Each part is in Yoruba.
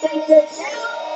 Take the chance.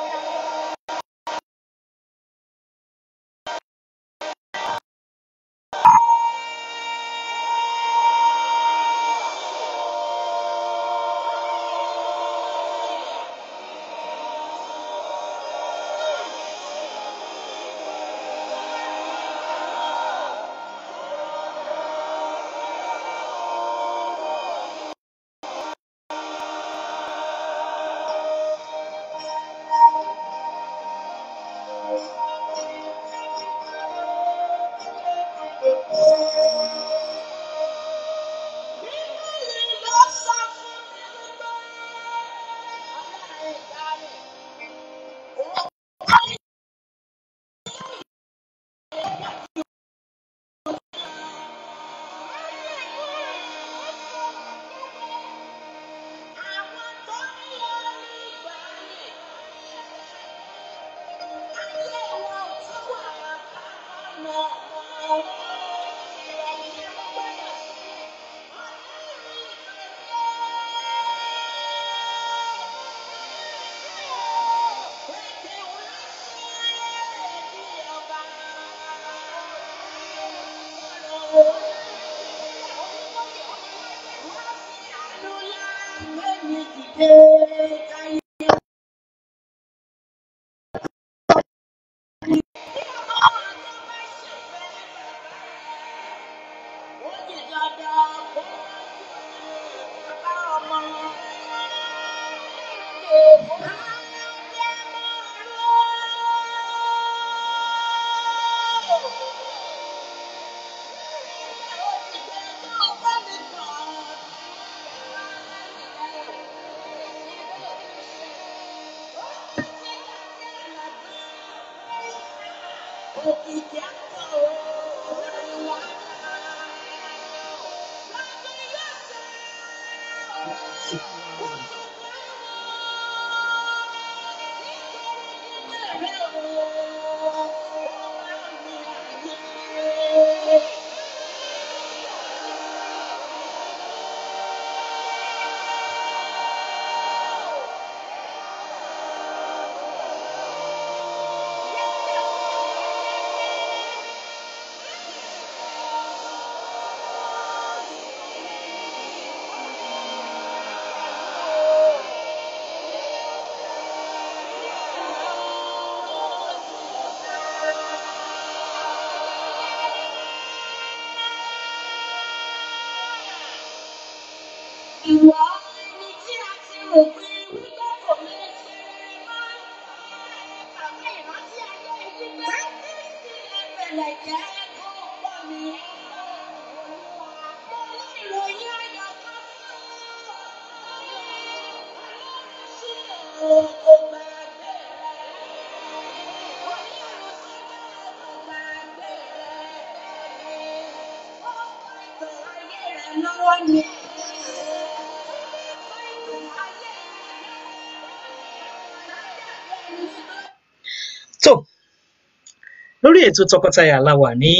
ètò tọkọtaya la wà ní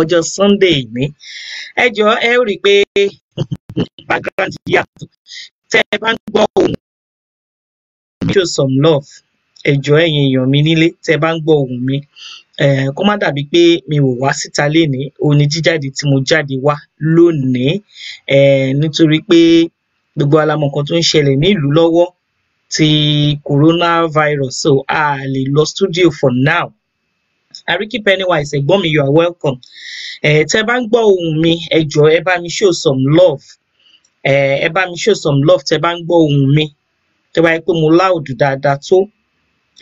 ọjọ́ sunday ní ẹ jọ ẹ rí i pé background yàtọ̀ tẹ́ ẹ bá ń gbọ́ ohùn mi show some love ẹ jọ ẹ̀yin èèyàn mi nílé tẹ́ ẹ bá ń gbọ́ ohùn mi kó má dàbí pé mi ò wá síta lénìí òní jíjáde tí mo jáde wá lónìí nítorí pé gbogbo alamọ kan tó ń ṣẹlẹ̀ nílùú lọ́wọ́ ti coronavirus so a lè lọ studio for now àríkì Pennywise ẹ̀gbọ́n mi you are welcome ẹ̀ tẹ́ bá ń gbọ́ ohùn mi ẹ jọ̀ọ́ ẹ bá mi show some love ẹ ẹ bá mi show some love tẹ́ bá ń gbọ́ ohùn mi tẹ́ bá yẹ pé mo loud dáadáa tó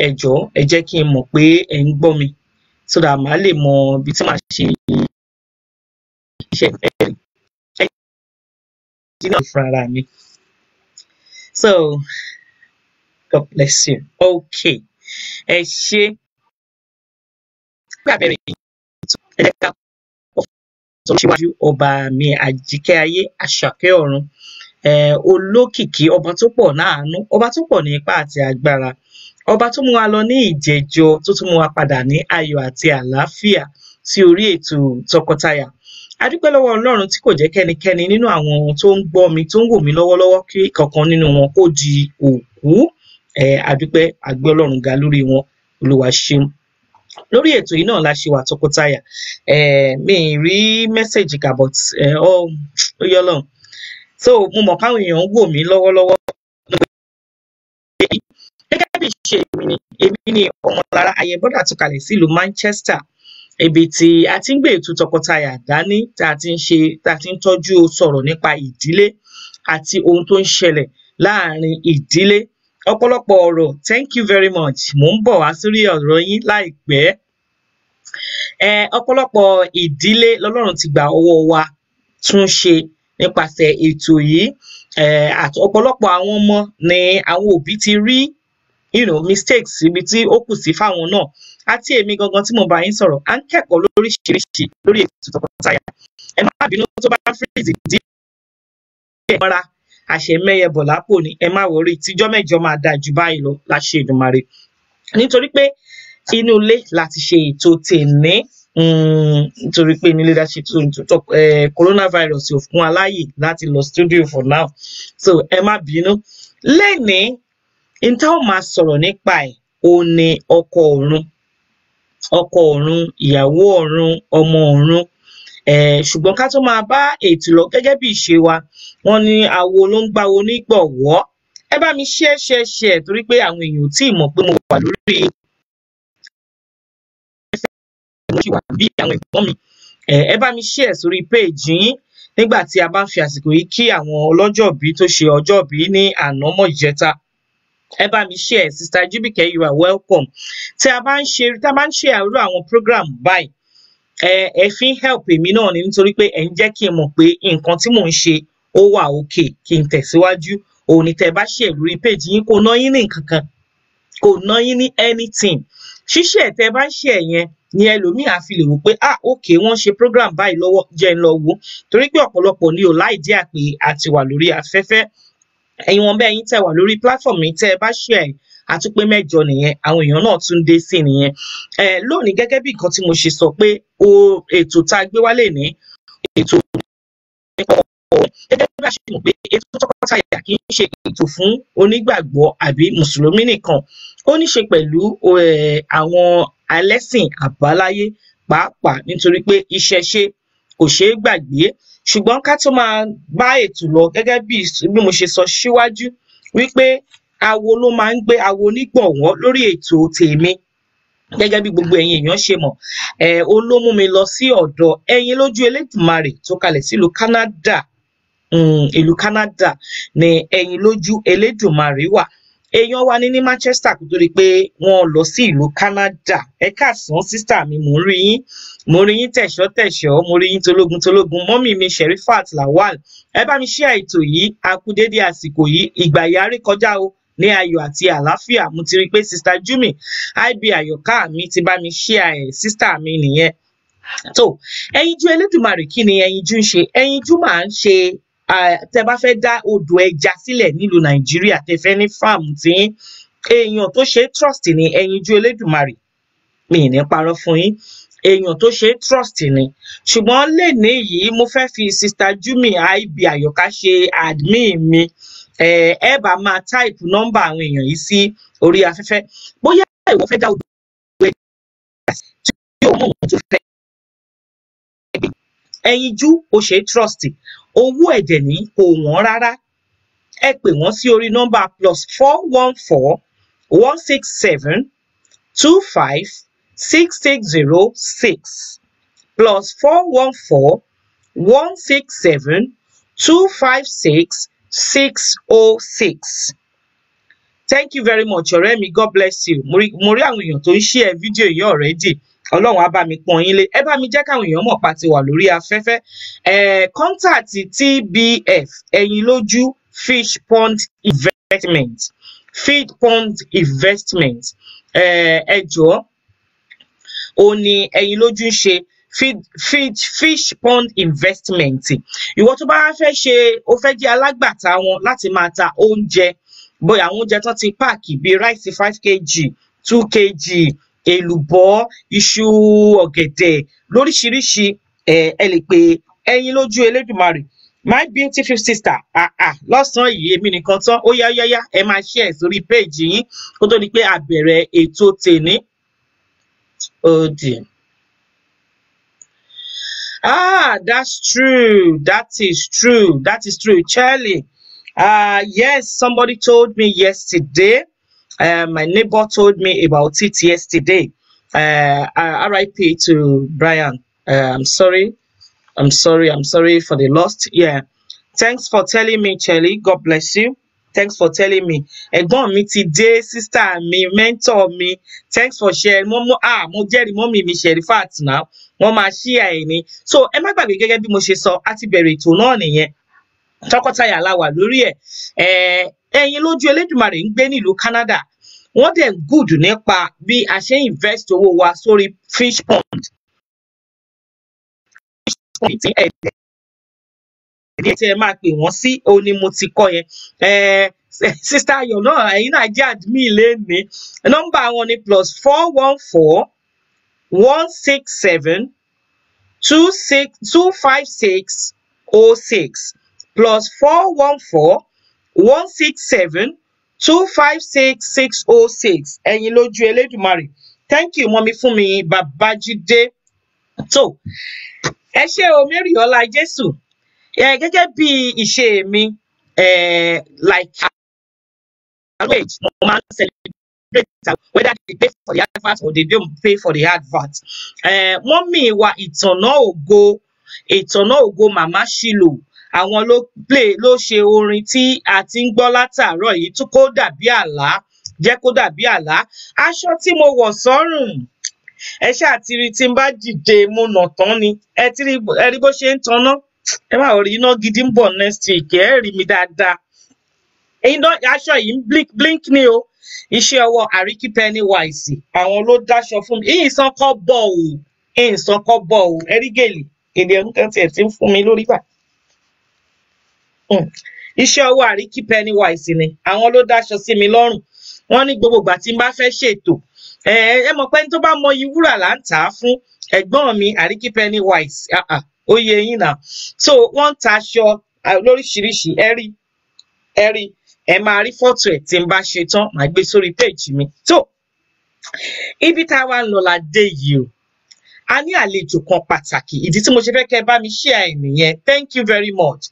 ẹ jọ̀ọ́ ẹ jẹ́ kí n mọ̀ pé ẹ ń gbọ́ mi so that màá lè mọ ibi tí màá ṣe iṣẹ́ ẹ ẹ jìnnà fún ara mi so God bless you okay ẹ ṣé pé àbẹ̀rẹ̀ ètò ẹ jẹ́ ká tó ṣíwájú ọba mi àjíkẹ́ ayé àṣàkẹ́ ọ̀run olókìkí ọba tó pọ̀ láàánú ọba tó pọ̀ ní ipá àti agbára ọba tó mú wa lọ ní ìjẹjọ tó tún mú wa padà ní ayọ̀ àti àlàáfíà sí orí ètò tọkọtaya a dúpẹ́ lọ́wọ́ Ọlọ́run tí kò jẹ́ kẹ́nikẹ́ni nínú àwọn tó ń gbọ́ mi tó ń wò mí lọ́wọ́lọ́wọ́ kí kankan nínú wọn kó di òkú a dúpẹ́ Ọlọ́run ga lórí wọn Olúwa ṣeun lórí ètò yìí náà la ṣe wà tọkọtaya mi ì rí mẹ́sẹ̀gì kà but ó yọ lọ so mo mọ̀ káwọn èèyàn ń wò mí lọ́wọ́lọ́wọ́ gẹ́gẹ́ bí ṣe èmi ni èmi ni ọmọlára ayẹbọdà tó kalẹ̀ sílùú Manchester ibi tí a ti ń gbé ètò tọkọtaya dání tá a ti ń ṣe tá a ti ń tọ́jú sọ̀rọ̀ nípa ìdílé àti ohun tó ń ṣẹlẹ̀ láàárín ìdílé ọ̀pọ̀lọpọ̀ ọ̀rọ̀ thank you very much mò ń bọ̀ wá sórí ọ̀rọ̀ yín láìpẹ́ um ọ̀pọ̀lọpọ̀ ìdílé lọ́lọ́run ti gba ọwọ́ wa tún ṣe nípasẹ̀ ètò yìí um ọ̀pọ̀lọpọ̀ àwọn ọmọ ni àwọn òbí ti rí you know mistakes ibi tí ó kù sí fáwọn náà àti èmi gangan tí mo bá yín sọ̀rọ̀ à ń kẹ́kọ̀ọ́ lóríṣiríṣi lórí ètò tọkọtaya ẹ má bínú tó bá ń fírèzì díẹ̀ àṣẹ̀mẹ́yẹ bọ̀ lápò ni ẹ má wọrí tíjọ́ mẹ́jọ máa dáa jù báyìí lọ láṣẹ Èdùmàrè nítorí pé inú ilé láti ṣe ètò tèní hmm, nítorí pé ní leadership tó tó coronavirus ò fún aláyè láti lọ studio for now so ẹ má bínú lẹ́nìí n táwọn máa sọ̀rọ̀ nípa ẹ̀ ò ní ọkọ ọ̀run ọkọ ọ̀run ìyàwó ọ̀run ọmọ ọ̀run eh, ṣùgbọ́n ká tó máa bá ètò lọ gẹ́gẹ́ bí ìṣe wa wọ́n ní àwo ló ń gbáwo nígbọ̀wọ́ ẹ bá mi share share share torí pé àwọn èèyàn ò tí ì mọ̀ pé mo wà lórí mi ẹ bá mi share sórí page yín nígbà tí a bá ń fi àsìkò yìí kí àwọn ọlọ́jọ́bí tó ṣe ọjọ́bí ní ànámọ́ ìjẹta ẹ bá mi share sister Jubike you are welcome tí a bá ń ṣe tí a bá ń ṣe àrú àwọn program báyìí ẹ ẹ fi help èmi náà ni nítorí pé ẹ ń jẹ́ kí n mọ̀ pé nǹkan tí mò ń ṣe ó wà òkè kí n tẹ̀síwájú òun ni tẹ́ bá ṣe lórí péjì yín kò ná yín ní nǹkan kan kò ná yín ní anything ṣíṣe tẹ́ bá ṣe yẹn ni ẹlòmíì á fi lè wò pé ah ok wọ́n ṣe program báyìí lọ́wọ́ jẹ́ ń lọ wò torí pé ọ̀pọ̀lọpọ̀ ni ò láì díà pé a ti wà lórí afẹ́fẹ́ ẹ̀yin wọn bẹ́ẹ̀ yín tẹ́ wà lórí platform yìí tẹ́ bá ṣe ẹ̀ àtúpé mẹ́jọ nìyẹn àwọn èèyàn náà tún dé sí nìyẹn ẹ lónìí gẹ́gẹ́ bí nǹkan tí mo ṣe sọ pé o ètò tá a gbé wálé ní ètò gẹ́gẹ́ bí a ṣe mọ̀ pé ètò tọkọtaya kì í ṣe ètò fún onígbàgbọ́ àbí mùsùlùmí nìkan ó ní ṣe pẹ̀lú àwọn alẹ́sìn àbáláyé pàápàá nítorí pé ìṣẹ̀ṣe kò ṣeé gbàgbé ṣùgbọ́n ká tó máa bá ètò lọ gẹ́gẹ́ bí mo ṣe sọ síwájú wípé awo ló máa ń gbé awo onígbọ̀wọ́ lórí ètò tèmi gẹ́gẹ́ bí gbogbo ẹ̀yin èèyàn ṣe mọ̀ ẹ̀ ó ló mú mi lọ sí ọ̀dọ̀ ẹ̀yin lójú elédùnmarè tó kalẹ̀ sílùú Canada um ìlú Canada ní ẹyin lójú Elédùmarè wà èèyàn wa ni ní Manchester kó tó di pé wọ́n lọ sí ìlú Canada ẹ káàsán sísá mi mò ń rí yín mo rí yín tẹ̀sọ́ tẹ̀sọ́ mo rí yín tológun tológun mọ́mì mi Sherifat Lawal ẹ bá mi ṣe ètò yìí a àsìkò yìí ìgbà yarí kọjá o ní ayọ̀ àti àlàáfíà mo ti rí i pé sista Jumi ibi àyọká mi ti bá mi ṣe ẹ sista mi nìyẹn tó ẹyinjú Elédùmarè kí ni ẹyinjú ń ṣe ẹyinjú máa ń ṣe tẹ́ bá fẹ́ dá odò ẹja sílẹ̀ nílùú nàìjíríà tẹ́ fẹ́ ní fáàmù tí èèyàn tó ṣe trust ni ẹyinjú elédùnmarè mi ní parọ́ fún yín èèyàn tó ṣe trust ni ṣùgbọ́n lẹ́ni yìí mo fẹ́ fi sista jumi ib àyọ̀ká ṣe admin mi ẹ bá máa táìpù nọ́mbà àwọn èèyàn yìí sí orí afẹ́fẹ́ bóyá ìwọ fẹ́ dá odò ẹja tí yóò mọ̀ tó fẹ́ ẹyinjú ó ṣe trust owó ẹ̀jẹ̀ ní kò wọ́n rárá ẹ pè wọ́n sí orí nọ́mbà plus four one four one six seven two five six six zero six plus four one four one six seven two five six six oh six. Thank you very much ọ̀rẹ́ mi God bless you mo rí àwọn èèyàn tó ń share fídíò yìí already ọlọ́run á bá mi pọ́n yín lé ẹ bá mi jẹ́ káwọn èèyàn mọ̀ pa ti wà lórí afẹ́fẹ́ ẹ kọ́ńtàtì tbf ẹ̀yin lójú fish pond investment feed pond investment ẹ jọ̀ọ́ ó ní ẹ̀yin lójú ń ṣe fish fish pond investment ìwọ tó bá fẹ́ ṣe o fẹ́ jẹ́ alágbàtà wọn láti máa ta oúnjẹ bóyá àwọn oúnjẹ tán ti páàkì bíi rice five kg two kg èlùbọ́, iṣu, ọ̀gẹ̀dẹ̀ lóríṣiríṣi um ẹ lè pe ẹyin lójú Elédùmarè. My beautiful sister ah ah lọ́sàn-án yìí èmi nìkan tán ó yá ó yá ó yá ẹ máa share sórí péèjì yín kó tó di pé a ètò tèní. Oh dear. Ah, that's true. That is true. That is true. Charlie, uh, yes, somebody told me yesterday Um, my neighbor told me about it yesterday. Uh, RIP to Brian. Uh, I'm sorry. I'm sorry. I'm sorry for the lost. Yeah. Thanks for telling me, Chelly. God bless you. Thanks for telling me. Ẹ̀gbọ́n mi ti sister Me mentor me. Thanks for sharing. Mo ah mo jẹ́rìí mọ́mì mi Sherifat now. Wọ́n máa ṣí ẹ̀ So am I gbàgbé gẹ́gẹ́ bí mo ṣe sọ, a ti bẹ̀rẹ̀ ètò náà nìyẹn. Tọkọtaya la wà lórí ẹ̀. Ẹ̀yin lójú Elédùmarè ń gbé nílùú Canada. wọ́n dẹ̀ good nípa bí a ṣe ń invest owó wa sórí fish pond. fish pond ẹ̀dẹ̀ tí ẹ máa pè wọ́n sí òun ni mo ti kọ́ yẹn eh, sista ayọ̀ náà ẹ̀yin náà jẹ́ admin lẹ́ni nọ́mbà wọn ni plus four one four one six seven two six two five six oh six plus four one four one six seven two five six six oh six ẹ̀yin lójú elédùnmarè thank you mọ́mi fún mi babájídé tó ẹ ṣe o mary ọlá jésù gẹ́gẹ́ bí ìṣe mi like always mo máa ń celebrate whether they pay for the advert or they don't pay for the advert mọ́mì wa ìtànná ògo ìtànná ògo màmá ṣìlò àwọn ló ṣe orin tí a ti ń gbọ́ látàárọ̀ yìí tó kó dàbí àlá jẹ́ kó dàbí àlá aṣọ tí mo wọ̀ sọ́rùn ẹ ṣáà ti rí tí n bá dìde mo nà tán ni ẹ ti rí ẹ rí bó ṣe ń tanná ẹ má rí iná gidi ń bọ̀ next week ẹ rí mi dáadáa iná aṣọ yìí ń blink blink ni o iṣẹ́ ọwọ́ àríkí Pennywise àwọn ló dáṣọ fún mi ìyìn sanko bọ̀ o ìyìn sanko bọ̀ o ẹ rí gèlè gèlè ẹnu kan tiẹ̀ ti ń fún mi lórí báyìí um hmm. iṣẹ ọwọ àríkí pennywise ni àwọn ló dáṣọ sí mi lọrùn wọn ní gbogbo ìgbà tí n bá fẹ ṣètò ẹ ẹ mọ pé ní tó bá mọ iye wúrà là ń tà á fún ẹ̀gbọ́n mi àríkí pennywise ah, ah, ó yẹ yín náà so wọn ń taṣọ lóríṣiríṣi ẹ rí ẹ rí ẹ máa rí fọ́tò ẹ tí n bá ṣe tán màá gbé sórí péèjì mi tó ibi tá a wá ń lọ la dé yìí o a ní àlejò kan pàtàkì ìdí tí mo ṣe fẹ́ kẹ́ bá mi ṣe àìní yẹn thank you very much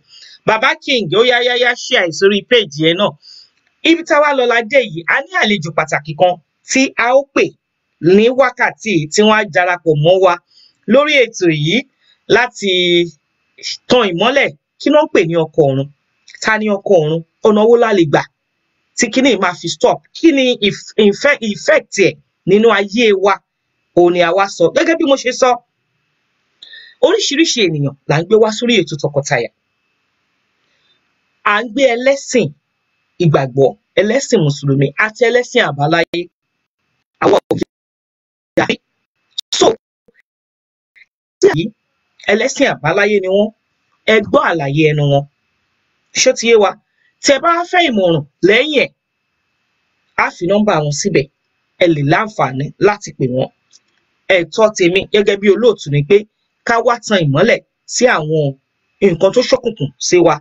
Baba King ó yá yá yá share sórí péèjì ẹ náà ibi tá a wá lọ la dé yìí a ní àlejò pàtàkì kan tí a ó pè ní wákàtí tí wọ́n á darapọ̀ mọ́ wa lórí ètò yìí láti tan ìmọ́lẹ̀ kí ló pè ní ọkọ̀ ọ̀run ta ni ọkọ̀ ọ̀run ọ̀nà owó la lè gbà tí kíní máa fi stop kí ni effect ẹ̀ nínú ayé wa òun ni àwa sọ gẹ́gẹ́ bí mo ṣe sọ oríṣiríṣi ènìyàn là ń gbé wá sórí ètò tọkọtaya à ń gbé ẹlẹ́sìn ìgbàgbọ́ ẹlẹ́sìn mùsùlùmí àti ẹlẹ́sìn àbáláyé àwa ò fi àbí so ẹlẹ́sìn àbáláyé ni wọ́n ẹ gbọ́ àlàyé ẹnu wọn ṣó ti yé wa tẹ bá fẹ́ ìmọ̀ràn lẹ́yìn ẹ̀ á fi nọ́mbà wọn síbẹ̀ ẹ lè láǹfààní láti pè wọ́n ẹ̀tọ́ tèmi gẹ́gẹ́ bí olóòtú ni pé ká wá tan ìmọ́lẹ̀ sí àwọn nǹkan tó ṣókùnkùn sí wa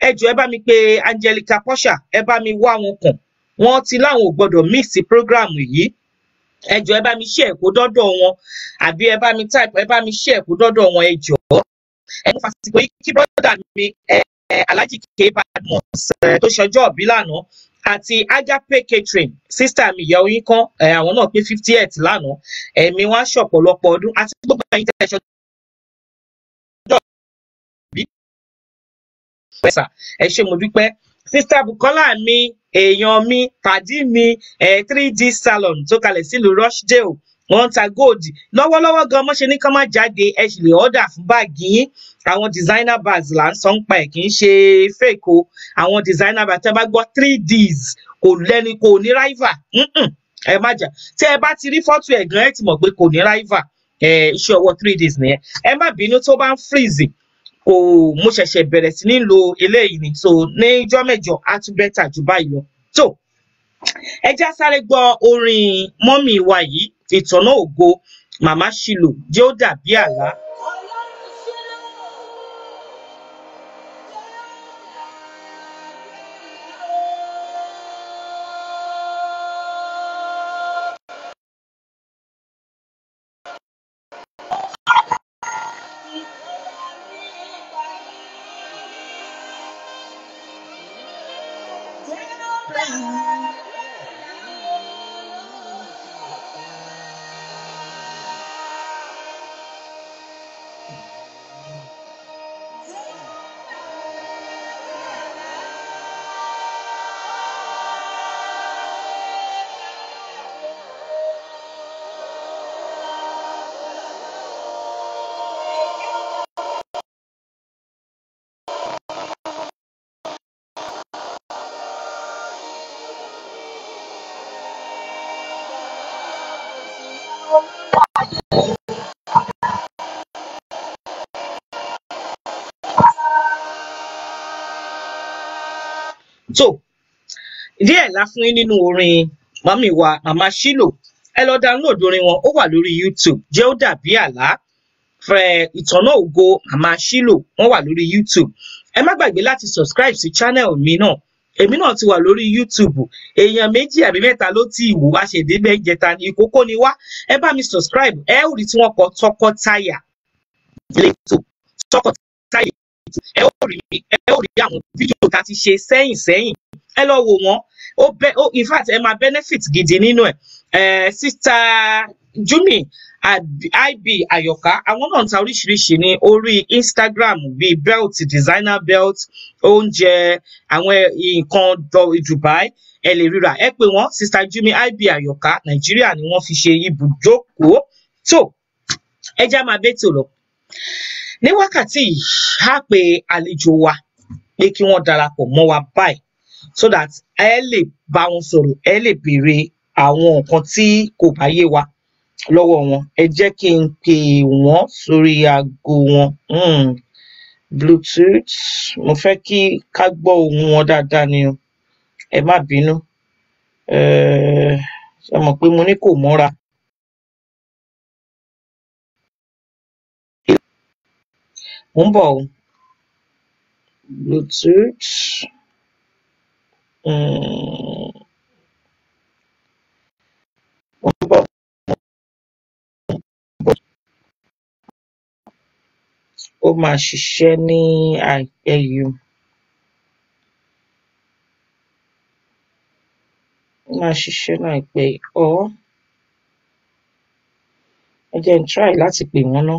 ẹ ẹ bá mi pe Angelica Portia ẹ bá mi wá wọn kàn wọ́n ti láwọn ò gbọ́dọ̀ mix program yìí ẹ ẹ bá mi share kó dọ́dọ̀ wọn àbí ẹ bá mi type ẹ bá mi share kó dọ́dọ̀ wọn ẹ jọ̀ọ́ ẹ mú fàsìkò yìí kí brọ́dà mi Alhaji K Badmus tó ṣọjọ́ ọ̀bí lánàá àti Agape catering sísítà mi ìyá oyin kan àwọn náà pé fifty eight lánàá ẹ̀mí wọn aṣọ ọ̀pọ̀lọpọ̀ ọdún àti gbogbo ẹ̀yin tẹ̀sán fẹsà ẹ ṣé mo dúpẹ́ sista Bukola mi èèyàn mi pàdí mi ẹ three d salon tó kalẹ̀ sílùú Rochdale wọ́n ta gold lọ́wọ́lọ́wọ́ gan mọṣẹ ní kán má jáde ẹ sì lè ọdà fún báàgì yín àwọn designer bags là ń sọ ń pa ẹ kì í ṣe fake o àwọn designer bags tẹ́ bá gbọ́ three d's kò lẹ́ni kò ní rival ẹ má jà tẹ́ ẹ bá ti rí fọ́tò ẹ̀ gan ẹ ti mọ̀ pé kò ní rival iṣẹ́ ọwọ́ three d's nìyẹn ẹ má bínú tó bá ń freeze kò mo ṣẹ̀ṣẹ̀ bẹ̀rẹ̀ sí ní lo eléyìí ni so ní ijọ́ mẹ́jọ á tún bẹ́tà jù báyìí lọ so ẹ já sáré gbọ́ orin mọ́mì wa yìí ìtọ́nà ògo màmá ṣìlò jẹ́ ó dàbí àlá. tó díẹ̀ la fún yín nínú orin mami wa mama shilo ẹ lọ download orin wọn ó wà lórí youtube jẹ́ ó dàbí àlá fẹ ìtọ́nà ògo mama shilo wọ́n wà lórí youtube ẹ má gbàgbé láti subscribe sí channel mi náà èmi náà ti wà lórí youtube èèyàn méjì àbí mẹ́ta ló ti wò wá ṣèdébẹ ìjẹta ní ìkókó ni wá ẹ bá mi subscribe ẹ ó rí tí wọ́n kọ tọkọtaya lẹ́tọ̀ tọkọtaya ẹ ó rí ẹ ó rí àwọn fídíò tá a ti ṣe sẹ́yìn sẹ́yìn ẹ lọ wò wọ́n ó bẹ ó in fact ẹ máa benefit gidi nínú ẹ sista Jumi ib Ayoka. àwọn náà ń ta oríṣiríṣi ní orí Instagram bíi belt designer belt oúnjẹ àwọn nǹkan Dubai ẹ lè ríra ẹ pè wọ́n sista Jumi ib Àyọ̀ká Nàìjíríà ni wọ́n fi ṣe ibùjókòó tó ẹ já máa bẹ́tò lọ ní wákàtí yìí á pe àlejò wa pé kí wọ́n darapọ̀ mọ́ wa báyìí so that ẹ lè bá wọn sọ̀rọ̀ ẹ lè béèrè àwọn nǹkan tí kò bá yé wa lọ́wọ́ wọn ẹ jẹ́ kí n pè wọ́n sórí aago wọn hmm, bluetooth mo fẹ́ kí ká gbọ́ ohùn wọn dáadáa ni o ẹ má bínú ẹ ṣe mọ̀ pé mo ní kò mọ́ra Mò ń bọ̀ o. Bluetooth. Mm. Mò ń bọ̀. Ó máa ṣiṣẹ́ ní àìpẹ́ yìí. Ó máa ṣiṣẹ́ láìpẹ́ yìí. Or ẹ jẹ́ n try láti pè wọ́n ná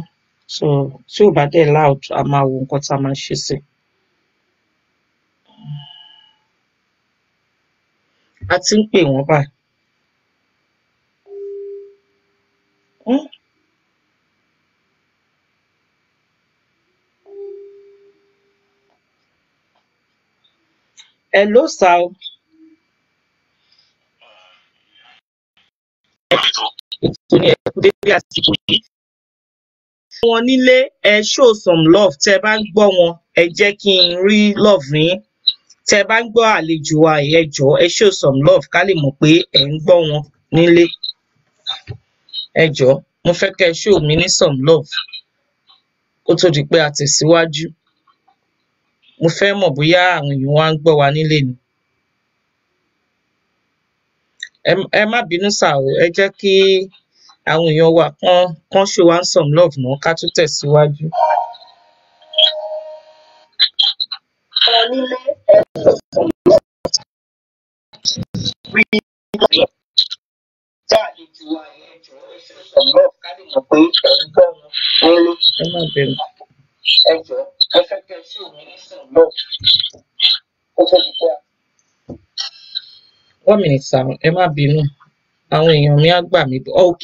so tí ò bá dẹ̀ loud a máa wo nǹkan tá a máa ṣe sí i. a ti ń pè wọ́n báyìí. Hmm? Hello, sir. ètò ní ẹ̀kú déédéé àsìkò yìí wọn nílé, ẹ show some love. Tẹ bá ń gbọ́ wọn, ẹ jẹ́ kí n rí love yín. Tẹ bá ń gbọ́ àlejò wa, ẹ show some love ká lè mọ̀ pé ẹ̀ ń gbọ́ wọn nílé. Ẹ jọ̀ọ́ mo fẹ́ kẹ́ show mi ní some love kó tó di pé a tẹ̀síwájú. Mo fẹ́ mọ̀ bóyá àwọn èèyàn wa ń gbọ́ wa nílé ni. Ẹ má bínú sà o, ẹ jẹ́ kí àwọn èèyàn wa kán kán show wa some love náà ká tún tẹ̀síwájú. onílé ẹ̀rọ rí tá àlejò wa one minute sir ẹ má àwọn èèyàn mi á gbà mí bọ ok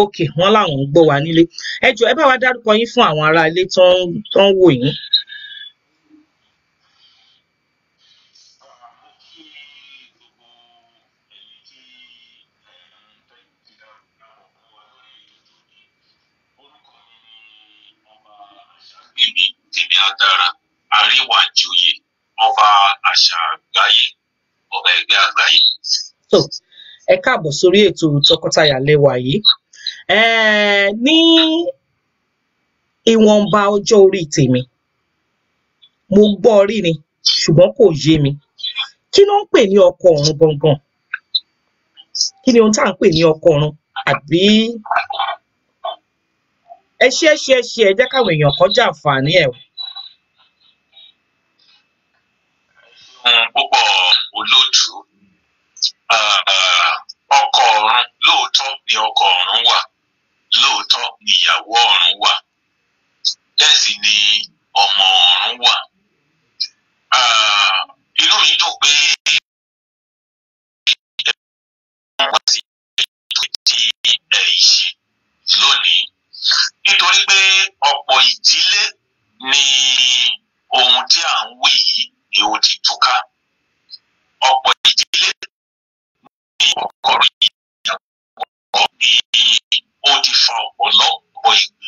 ok wọn làwọn ń gbọ́ wa nílé ẹ jọ̀ọ́ ẹ bá wa dárúkọ yín fún àwọn ará ilé tó ń wò yín. tèmi adára àríwá ìjòyè ọba àṣà àgbáyé ọba ẹgbẹ́ àgbáyé ẹ káàbọ̀ sórí ètò tọkọtaya lẹ́wà yìí ní ìwọ̀nba ọjọ́ orí tèmi mo gbọ́ rí ni ṣùgbọ́n kò yé mi kí ló ń pè ní ọkọ ọ̀run gangan kí ni ohun tá à ń pè ní ọkọ ọ̀run àbí ẹ ṣe é ṣe é ṣe ẹ jẹ́ káwọn èèyàn kan jàǹfààní ẹ̀ ni ọkọ ọ̀run wà lóòótọ́ ni ìyàwó ọ̀run wà bẹ́ẹ̀ sì ni ọmọ ọ̀run wà. inú mi dùn pé wá sí ètò tí ẹ ṣe lónìí nítorí pé ọ̀pọ̀ ìdílé ni ohun tí à ń wí yìí ni ó ti túká ọ̀pọ̀ ìdílé ni ọ̀kọ̀rọ̀ yìí kọ́ bí ó ti fa ọ̀pọ̀lọpọ̀ ègbè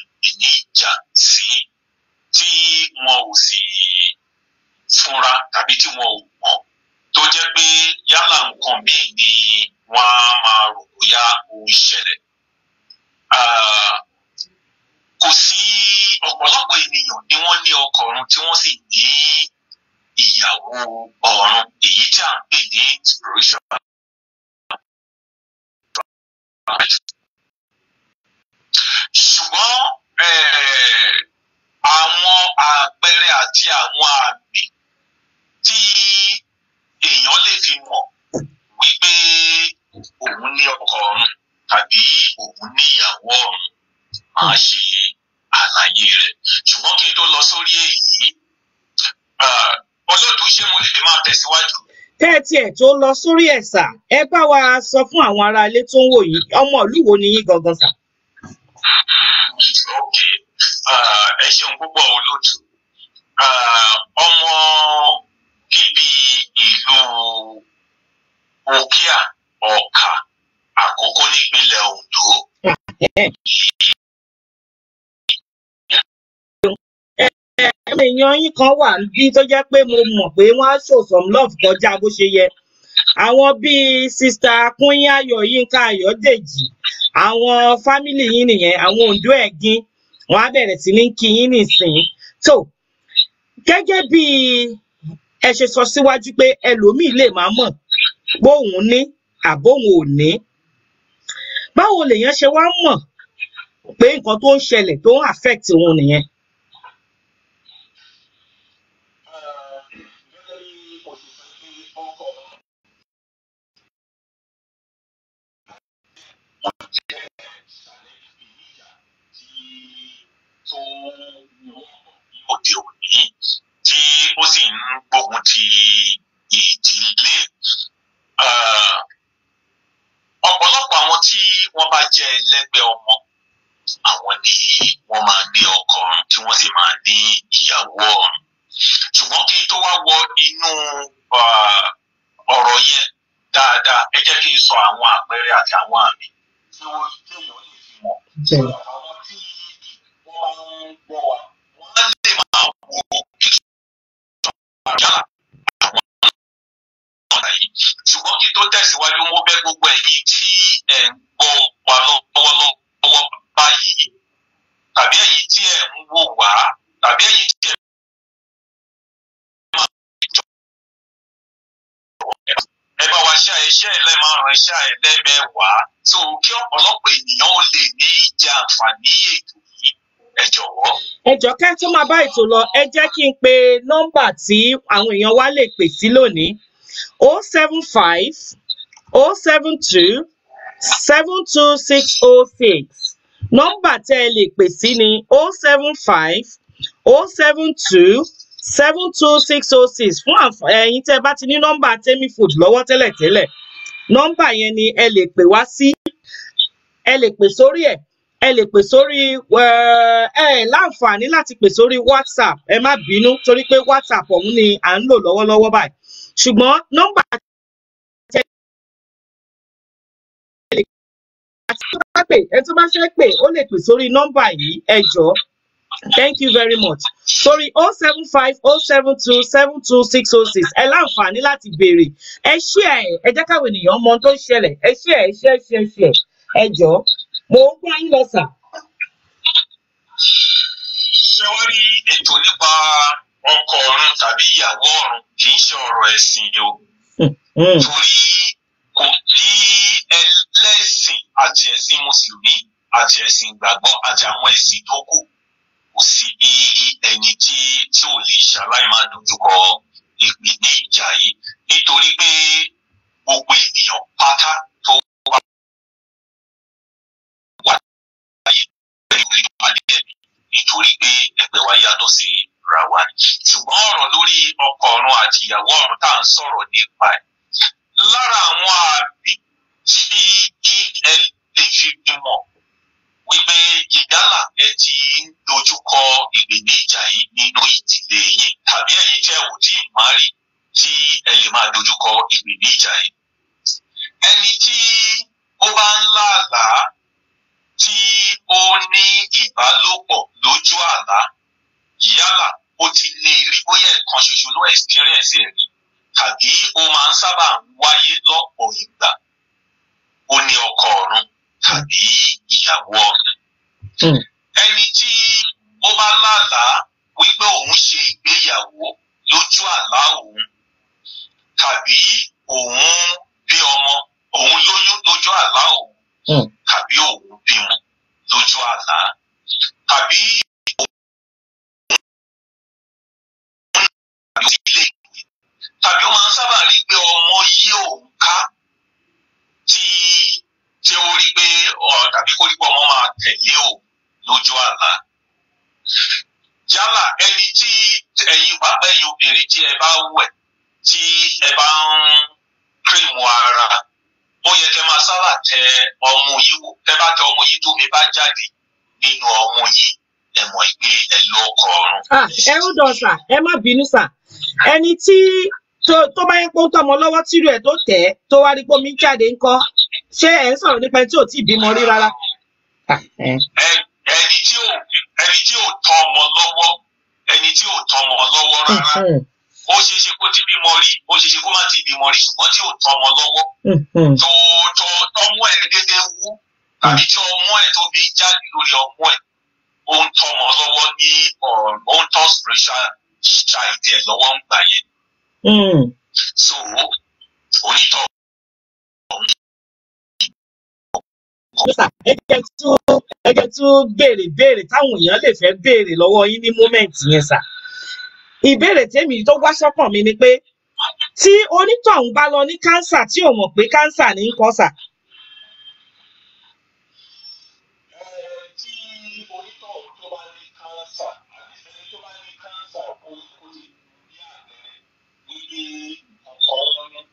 tiẹ̀ tó lọ sórí ẹ̀ sà ẹ bá wa sọ fún àwọn aráalé tó ń wò yín ọmọ ìlú wo ni yín gangan sà. Ah, ẹ ṣeun púpọ̀ olóòtú ah, ọmọ bíbí ìlú òkíà ọ̀kà àkókò nípínlẹ̀ Ondo èèyàn yín kan wà bí tó jẹ́ pé mo mọ̀ pé wọ́n á show some love kọjá bó ṣe yẹ àwọn bíi sista kúnyìn ayọ̀ yínká ayọ̀dèjì àwọn fámìlì yín nìyẹn àwọn òǹdó ẹ̀gín wọ́n á bẹ̀rẹ̀ sí ní kí yín nìsín tó gẹ́gẹ́ bí ẹ ṣe sọ síwájú pé ẹlòmíì lè máa mọ̀ bóun ní àbóun ò ní báwo lèèyàn ṣe wá mọ̀ pé nǹkan tó ń ṣẹlẹ̀ tó ń affect òun nìyẹn tó òde òní tí ó sì ń gbógun ti ìdílé ọ̀pọ̀lọpọ̀ àwọn tí wọ́n bá jẹ́ ẹlẹ́gbẹ́ ọmọ àwọn ni wọ́n máa ní ọkọ tí wọ́n sì máa ní ìyàwó ọ̀run ṣùgbọ́n kí n tó wá wọ inú ọ̀rọ̀ yẹn dáadáa ẹ jẹ́ kí n sọ àwọn àpẹẹrẹ àti àwọn àmì tí ó téèyàn lè fi mọ̀. àwọn tí wọ́n ń gbọ́ wa wọ́n lè máa wo kí ọjà àwọn ọ̀nà yìí ṣùgbọ́n kí tó tẹ̀síwájú mo bẹ̀ gbogbo ẹ̀yin tí ẹ̀ ń gbọ́ wa lọ́wọ́lọ́wọ́ báyìí tàbí ẹ̀yin tí ẹ̀ ń wò wá tàbí ẹ̀yin tí ẹ̀ bá wa ṣe àìṣe ẹlẹ́mọ̀ràn iṣẹ́ ẹlẹ́mẹ̀wàá tó kí ọ̀pọ̀lọpọ̀ ènìyàn ó lè ní ìjà àǹfààní ètò yìí ẹ jọ̀wọ́. ẹ jọ ká tó máa bá ètò lọ ẹ jẹ́ kí n pe nọ́mbà tí àwọn èèyàn wa lè pè sí lónìí o oh seven five o oh seven two seven two six o oh six nọ́mbà tẹ́ ẹ lè pè sí ni o seven five o seven two seven two six oh six fún eh, ẹ̀yin tẹ́ bá ti ní nọ́mbà temi food lọ́wọ́ tẹ́lẹ̀tẹ́lẹ̀ nọ́mbà yẹn ni ẹ lè pè wá sí ẹ lè pè sórí ẹ̀ ẹ lè pè sórí eh, ẹ láǹfààní láti pè sórí whatsapp ẹ má bínú torí pé whatsapp ọ̀hún ni à ń lò lọ́wọ́lọ́wọ́ báyìí ṣùgbọ́n nọ́mbà ẹ tó bá pè ẹ tó bá fẹ́ pè ó lè pè sórí nọ́mbà yìí ẹ jọ̀ọ́ thank you very much sorry oh seven five oh seven two seven two six oh six ẹ láǹfààní láti béèrè ẹ ṣí ẹ ẹ jẹ́ káwọn ènìyàn mọ ohun tó ń ṣẹlẹ̀ ẹ ṣí ẹ ṣí ẹ ṣí ẹ ṣí ẹ ẹ jọ mo ń gbọ́ yín lọ sà. ṣé wọ́n rí ètò nípa ọkọ ọ̀run tàbí ìyàwó ọ̀run kì í ṣe ọ̀rọ̀ ẹ̀sìn o hmm. torí kò sí ẹlẹ́sìn àti ẹ̀sìn mùsùlùmí àti ẹ̀sìn ìgbàgbọ́ àti àwọn ẹ̀sìn tó kù kò sí bí ẹni tí tí ò lè ṣaláì máa dojúkọ ìpèníjà yìí nítorí pé gbogbo ènìyàn pátá tó wà wà láyé pẹ̀lú ìpàdé ẹ̀mí nítorí pé ẹgbẹ́ wa yàtọ̀ sí ra wa ni ṣùgbọ́n ọ̀rọ̀ lórí ọkọ ọ̀run àti ìyàwó ọ̀run tá à ń sọ̀rọ̀ nípa ẹ̀ lára àwọn àmì tí ẹ lè fi bímọ wípé ìdálà ẹ ti ń dojúkọ ìpèníjà yìí nínú ìdílé yín tàbí ẹ̀yin tẹ́ ò tí ì má rí tí ẹ lè máa dojúkọ ìpèníjà yìí. ẹni tí ó bá ń láàlá tí ó ní ìbálòpọ̀ lójú àlá yálà ó ti ní rí bóyá ẹ̀kan ṣoṣo ló experience ẹ̀ rí tàbí ó máa ń sábà wáyé lọ́pọ̀ ìgbà ó ní ọkọ ọ̀run tàbí ìyàwó ọ̀rẹ́ hmm. ẹni tí ó bá lálàá ẹ̀yin obìnrin tí ẹ bá wẹ̀ tí ẹ bá ń kírìmù ara ó yẹ kẹ́ máa sábà tẹ ọmú yìí wò tẹ́ bá tẹ ọmú yìí tó mi bá jáde nínú ọmú yìí ẹ mọ̀ pé ẹ lọ ọkọ ọrùn. Ah, ẹ ń dọ̀ sà ẹ má bínú sà ẹni tí tó bá yẹ pé ó tọmọ lọ́wọ́ tírú ẹ̀ tó tẹ̀ ẹ́ tó wá rí pé omi jáde ńkọ́ ṣé ẹ ń sọ̀rọ̀ nípa ẹni tí ò tí ì bímọ rí rárá. Ah, eh. ẹni tí ò tọ́ lọ́wọ́ ẹni tí ò tọmọ lọ́wọ́ rárá hmm. ó ṣeé ṣe kó ti bímọ rí ó ṣeé ṣe kó má ti bímọ rí ṣùgbọ́n tí ò tọmọ lọ́wọ́ tó hmm. tó ẹ̀ dédé wú tàbí tí ọmọ ẹ̀ tó bí jáde lórí ọmọ ẹ̀ ó ń tọmọ lọ́wọ́ ní ọ̀rùn ń tọ́ spiritual child ẹ̀ lọ́wọ́ ń gbà yẹn. Hmm. so onítọ̀. ẹjẹ tún ẹjẹ tún béèrè béèrè táwọn èèyàn lè fẹ́ béèrè lọ́wọ́ yín ní mómẹǹtì yẹn sà ìbéèrè tèmi tó wá sọ́kàn mi ni pé tí onítọ̀hún bá lọ ní kánsà tí ò mọ̀ pé kánsà ní kọ́ sà.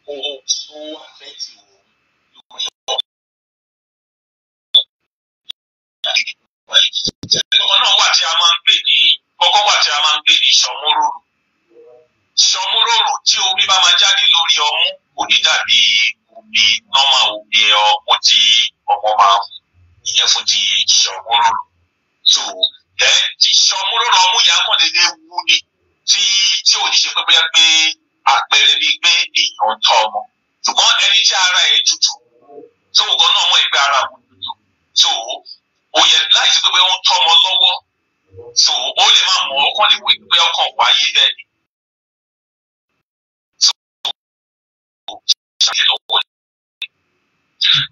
Thank you. ọmọ náà wà tí a máa ń pè ní kọ́kọ́ wà tí a máa ń pè ní sọmúròrò sọmúròrò tí omi bá máa jáde lórí ọmú kò ní dàbí omi nọ́mà omi ọmú tí ọmọ máa ń ìyẹn fún ti sọmúròrò so then ti sọmúròrò ọmú yẹn kàn déédéé wú ni tí tí ò ní ṣe pé bóyá pé àpẹẹrẹ bíi pé èèyàn ń tọ́ ọmọ ṣùgbọ́n ẹni tí ara ẹ̀ tutù tó nǹkan náà mọ̀ ẹgbẹ́ ara òun tutù so ó yẹ láì sí pé ó ń tọ́ ọmọ lọ́wọ́ so ó lè má mọ̀ ọkàn lè wí pé ọkàn wáyé bẹ́ẹ̀ ni.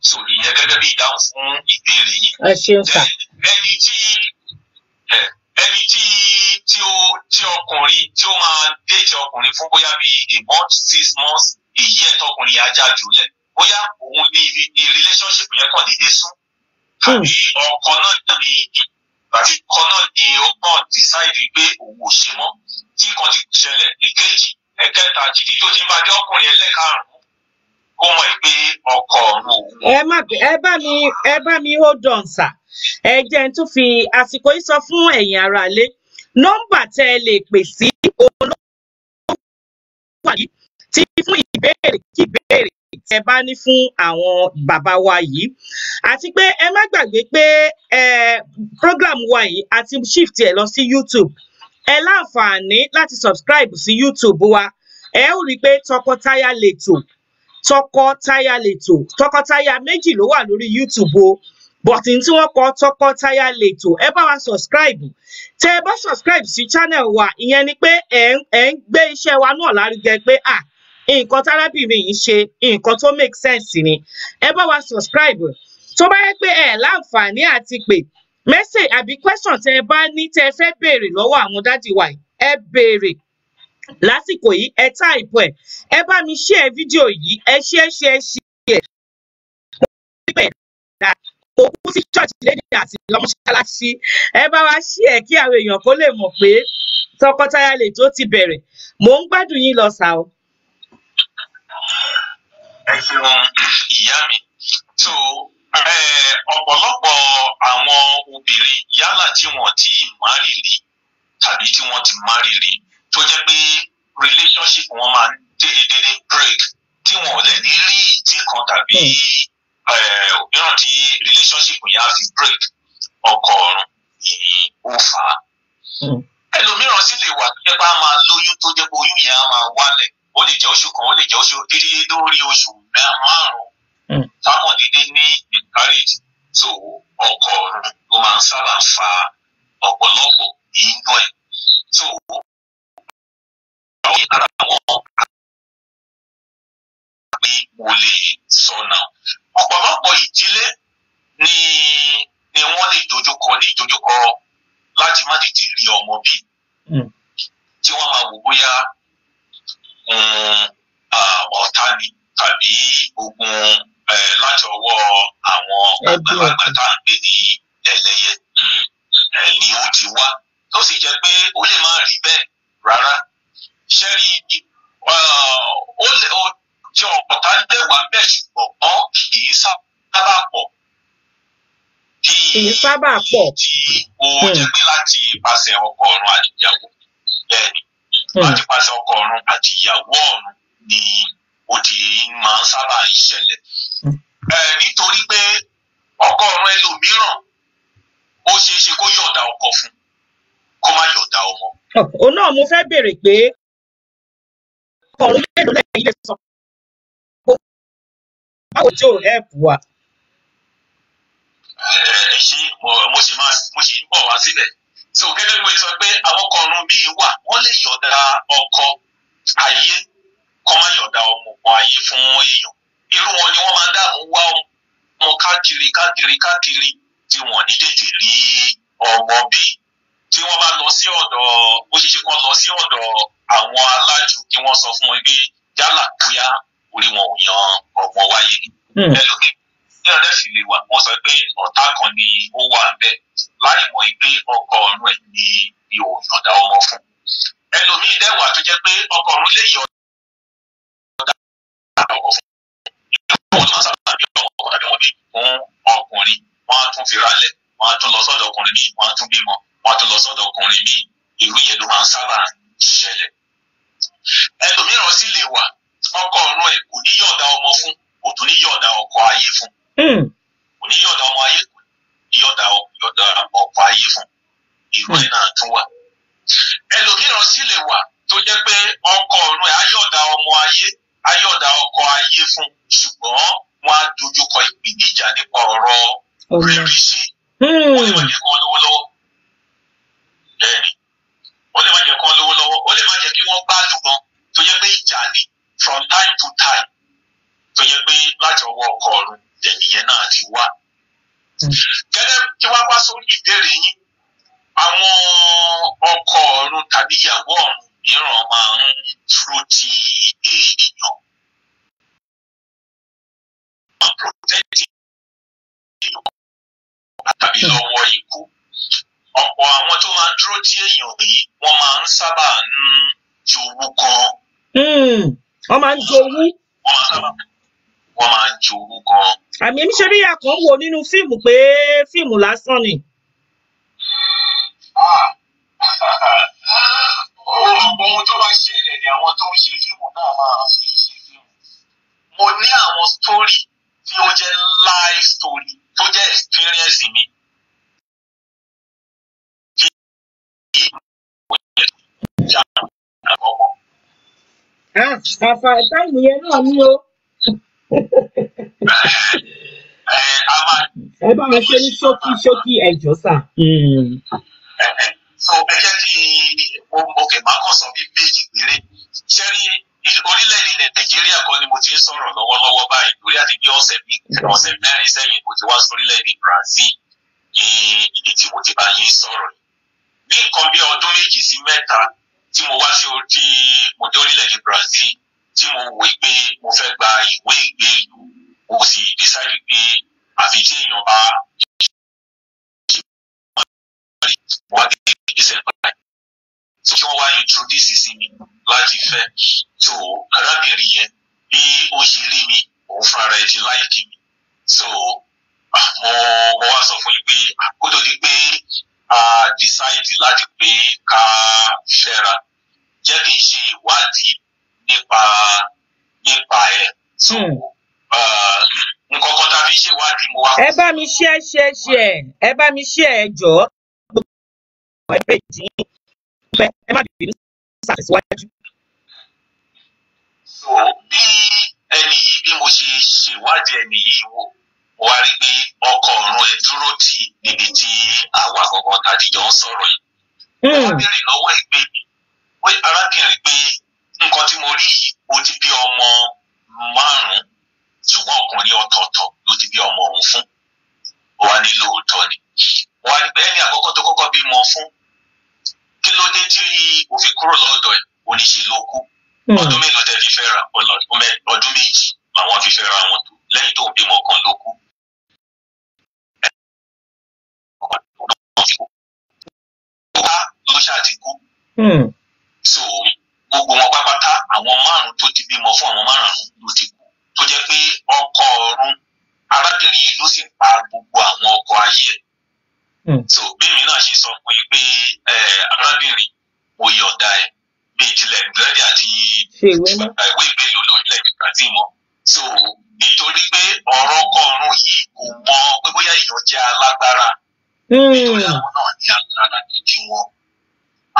so ìyẹn gẹ́gẹ́ bí ìdáhùn fún ìbéèrè yìí. ẹ ṣeun sà. ẹni tí ẹni tí tí ó tí ọkùnrin tí ó máa déjẹ ọkùnrin fún bóyá bíi a month six months èyí ẹ̀ tọkùnrin ajá jùlẹ̀ bóyá òun ní relationship yẹn kàn dédé sún àbí ọkọ náà ni àti ọkọ náà ni ó kàn decide pé òun ò ṣe mọ́ tí kan ti ṣẹlẹ̀ èkejì ẹ̀kẹta títí tó ti máa jẹ́ ọkùnrin ẹlẹ́karùn-ún kó mọ̀ pé ọkọ ọ̀run òun. ẹ má ẹ bá mi ẹ bá mi hold on sir ẹ jẹ́ n tún fi àsìkò yìí sọ fún ẹ̀yin aráalé nọ́mbà tẹ́ ẹ lè pè sí olówó tí fún ìbéèrè kí ìbéèrè tẹ bá ní fún àwọn bàbá wa yìí àti pé ẹ má gbàgbé pé program wa yìí a ti shift ẹ lọ sí YouTube ẹ láǹfààní láti subscribe sí YouTube wa ẹ ó rí i pé tọkọtaya lètò tọkọtaya lètò tọkọtaya méjì ló wà lórí YouTube o bọ̀tìn tí wọ́n kọ tọkọtaya lètò ẹ bá wa subscribe tẹ ẹ bá subscribe sí channel wa ìyẹn ni pé ẹ ń gbé iṣẹ́ wa náà lárugẹ pé ah nǹkan tárábìnrin yìí ṣe nǹkan tó make sense ni ẹ bá wa subscribe tó bá yẹ pé ẹ láǹfààní àti pè message àbí question tẹ ẹ bá ní tẹ ẹ fẹ́ béèrè lọ́wọ́ àwọn dádì wa yìí ẹ béèrè lásìkò yìí ẹ táìpù ẹ ẹ bá mi share fídíò yìí ẹ share share share kò kú sí church lẹ́yìn àti lọ́mọ́ṣáláṣí ẹ bá wa share kí àwọn èèyàn kó lè mọ̀ pé tọkọtaya lè tó ti bẹ̀rẹ̀ mò ń gbádùn yín lọ sàó ẹ ṣeun ìyá mi so ọ̀pọ̀lọpọ̀ àwọn obìnrin yálà tí wọ́n ti márì rí tàbí tí wọ́n ti márì rí tó jẹ́ pé relationship wọn máa ń déédéé break tí wọn ò lè ní rí ìdí kan tàbí hmm. òmíràn tí relationship yẹn á fi break ọkọ ọ̀run ni ó fà á. Hmm. ẹlòmíràn sì lè wà tó jẹ́ pé a máa lóyún tó jẹ́ pé oyún yẹn á máa wálẹ̀ ó lè jẹ́ oṣù kan ó lè jẹ́ oṣù dídí lórí oṣù márùn-ún táwọn hmm. dídí ní encourage so ọkọ̀ ló máa ń sábà fa ọ̀pọ̀lọpọ̀ inú ẹ̀ so àwọn ara wọn pé mo lè sọnà ọ̀pọ̀lọpọ̀ ìdílé ni ni wọ́n lè dojúkọ ní ìdojúkọ láti má tètè rí ọmọ bí hmm. tí wọ́n máa wò bóyá ogun ọ̀tá ni tàbí ogun láti ọwọ́ àwọn àgbàlagbà tá à ń pè ní ẹlẹ́yẹ ni ó ti wá tó sì jẹ́ pé ó lè má rí bẹ́ẹ̀ rárá ṣẹ́rí ó lè tí ọ̀tá lẹ́wà ń bẹ̀ ṣùgbọ́n kì í sábà pọ̀ bí kì í sábà pọ̀ tí ó jẹ́ pé láti pàṣẹ ọkọ ọ̀run àdìyàwó bẹ́ẹ̀ ni pàtìpàtì hmm. ọkọ ọ̀run àti ìyàwó ọ̀run ni ó ti máa ń sábà ń ṣẹlẹ̀ hmm. nítorí pé ọkọ ọ̀run ẹlòmíràn ó ṣeé ṣe kó yọ̀ọ̀dà ọkọ fún kó má yọ̀ọ̀dà ọmọ. Hmm. òun náà mo fẹ́ béèrè pé ọkọ ọ̀run mélòó lẹ́yìn ilé sọ pé báwo tí ò hẹ́ẹ̀pù wa. ẹ ṣe mo ṣì máa mo ṣì ń bọ̀ wá síbẹ̀ so gẹ́gẹ́ bí mo sọ pé àwọn ọkọ̀ọ̀run míì wà wọ́n lè yọ̀dá ọkọ ayé kọ́ má yọ̀dá ọmọ kan ayé fún èèyàn irú wọn ni wọ́n máa ń dààmú wá ọmọ káàkiri káàkiri káàkiri tí wọ́n ní tètè rí ọmọ bí tí wọ́n bá lọ sí ọ̀dọ̀ ó ṣeé ṣe kán lọ sí ọ̀dọ̀ àwọn alájù kí wọ́n sọ fún wọn pé yálà bóyá orí wọn ò yan ọmọ wáyé hmm. ẹlòmíì ní ọ̀rẹ́ sì lè wà wọ́n sọ pé ọ̀tá kan ni ó wà ń bẹ̀ láì mọ̀ pé ọkọ ọ̀run ẹ̀ ni ìhò ìyọ̀dà ọmọ fún ẹlòmíì dẹ́wà tó jẹ́ pé ọkọ ọ̀run lè yọ ọ̀dà ọkọ fún ìyàwó tó sábà bí ọkọ tàbí wọn bí fún ọkùnrin wọn á tún fira lẹ̀ wọn á tún lọ sọ́dọ̀ ọkùnrin míì wọn á tún bímọ wọn á tún lọ sọ́dọ̀ ọkùnrin míì irú yẹn ló máa sábà ṣẹlẹ̀ ẹlòmíràn sì lè wà ọkọ ọ̀run ẹ̀ kò ní yọ̀ọ̀dà ọmọ fún kò tún ní yọ̀ọ̀dà ọkọ ayé fún oníyọ̀dà ọmọ ayé yọ̀dà yọ̀dà ọ̀pọ̀ ayé fún ìwé náà tún wà ẹlòmíràn sì wà tó jẹ́ ọkọ ọmọ ayé ọkọ fún ṣùgbọ́n wọ́n á dojúkọ ìpèníjà nípa ọ̀rọ̀ hmm. from time to time tó ìyẹn náà ti wá. Hmm. gẹ́gẹ́ tí wọ́n wá sórí ìbéèrè yín àwọn ọkọ ọ̀run tàbí ìyàwó ọ̀run mìíràn máa ń dúró ti èèyàn. tàbí hmm. lọ́wọ́ ikú ọ̀pọ̀ àwọn tó máa dúró tí èèyàn yìí wọ́n máa ń sábà ń jowú gan. Hmm. wọ́n wọ́n máa ń sábà ń wọ́n máa ń jorú gan. àmì mi ṣe bí ìyá kan wo nínú fíìmù pé fíìmù lásán ni. Ah, ah, ah, ohun tó máa ṣẹlẹ̀ ni àwọn tó ń ṣe fíìmù náà máa fi ṣe fíìmù. mo ní àwọn story tí ó jẹ́ life story tó jẹ́ experience mi. Ah, àfàìtàn ìyẹn náà ni o. ẹ bá wa ṣe ní ṣókí ṣókí ẹjọ sà. Hmm. so ẹ jẹ́ kí òkè máa kàn sọ bí méjì péré ṣé rí orílẹ̀-èdè nàìjíríà kan ni mo ti ń sọ̀rọ̀ lọ́wọ́lọ́wọ́ báyìí lórí àti bí ọ̀sẹ̀ bí ọ̀sẹ̀ mẹ́rin sẹ́yìn mo ti wá sórílẹ̀-èdè Brazil ní ìdí tí mo ti bá yín sọ̀rọ̀ ní nǹkan bí ọdún méjì sí mẹ́ta tí mo wá sí orí mo dé orílẹ̀-èdè Brazil tí mo wò pé mo fẹ́ gba ìwé ìgbé ìlú mo sì decide pé àfi tí èèyàn bá wà ní ìgbésẹ̀ báyìí tí wọ́n wá introduce sí mi láti fẹ́ so arábìnrin yẹn bí ó ṣe rí mi òun fúnra rẹ̀ ti láìkí mi so mo mo wá sọ fún yín pé kó tó di pé a decide láti pé ká fẹ́ra jẹ́ kí n ṣe ìwádìí nípa nípa ẹ̀ so hmm. nǹkan kan tàbí ṣèwádìí mo wá. ẹ bá mi ṣe é ṣe é ṣe ẹ ẹ bá mi ṣe é jọ ẹ bẹ jí fẹ ẹ má bìbí ṣàtẹ̀síwájú. so bí ẹni yìí bí mo ṣe ṣèwádìí ẹni yìí wò mo wá rí i pé ọkọ ọ̀run ẹ dúró tì í níbi tí àwa kankan tàdíjọ ń sọ̀rọ̀ yìí. Hmm. mo wá béèrè lọ́wọ́ ẹ pé arákùnrin pé nǹkan tí mo rí yìí ó ti bí ọmọ márùn-ún ṣùgbọ́n ọkùnrin ọ̀tọ̀ọ̀tọ̀ ló ti bí ọmọ òun fún ó wá ní lóòótọ́ ni wọ́n á ní pé ẹni àkọ́kọ́ tó kọ́kọ́ bímọ fún kí ló dé tí òfin kúrò lọ́dọ̀ ẹ̀ oníṣe ló kú hmm. ọdún mélòó tẹ́ fi fẹ́ra ọdún méjì làwọn fi fẹ́ra wọn tó lẹ́yìn tó bímọ kan ló kú. ó bá ló ṣáà ti kú. Hmm gbogbo wọn pátápátá àwọn márùn tó ti bímọ fún àwọn márùn ló ti kú tó jẹ́ pé ọkọ ọ̀run arábìnrin yìí ló sì pa gbogbo àwọn ọkọ ayé ẹ̀ hmm. so bẹ́ẹ̀mi náà ṣe sọ fún yín pé arábìnrin mo yọ ọ̀dà ẹ̀ bí ìjìnlẹ̀ ìgbẹ́rẹ́ àti ìgbà ìwé ìgbélò lórílẹ̀ ìgbà tí mo so nítorí pé ọ̀rọ̀ ọkọ ọ̀run yìí kò mọ pé bóyá èèyàn jẹ́ alágbára hmm. nítorí àwọn náà ní agbára ní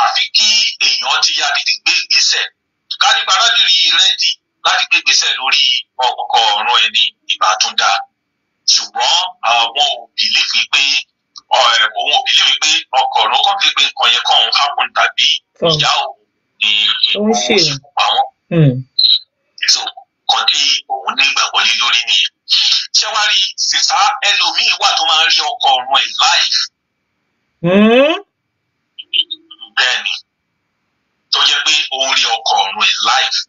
àfi kí èèyàn ti yá gidi gbé ìgbésẹ̀ kánípa arábìnrin rẹ́dì láti gbé ìgbésẹ̀ lórí ọkọ̀ ọ̀run ẹ̀ ní ìbátúndà ṣùgbọ́n àwọn òbí lè fi pé òun òbí lè fi pé ọkọ̀ ọ̀run kọ́ fi pé nǹkan yẹn kọ́ òun hápùn tàbí ìyá òun ni òun sì fún àwọn. so kan tí òun nígbàgbọ́ lé lórí nìyẹn ṣé wàá rí sísá ẹlòmíín wà tó máa ń rí ọkọ̀ ọ̀run ẹ̀ láì bẹ́ẹ̀ ni tó jẹ́ pé òun rí ọkọ ọ̀run in life.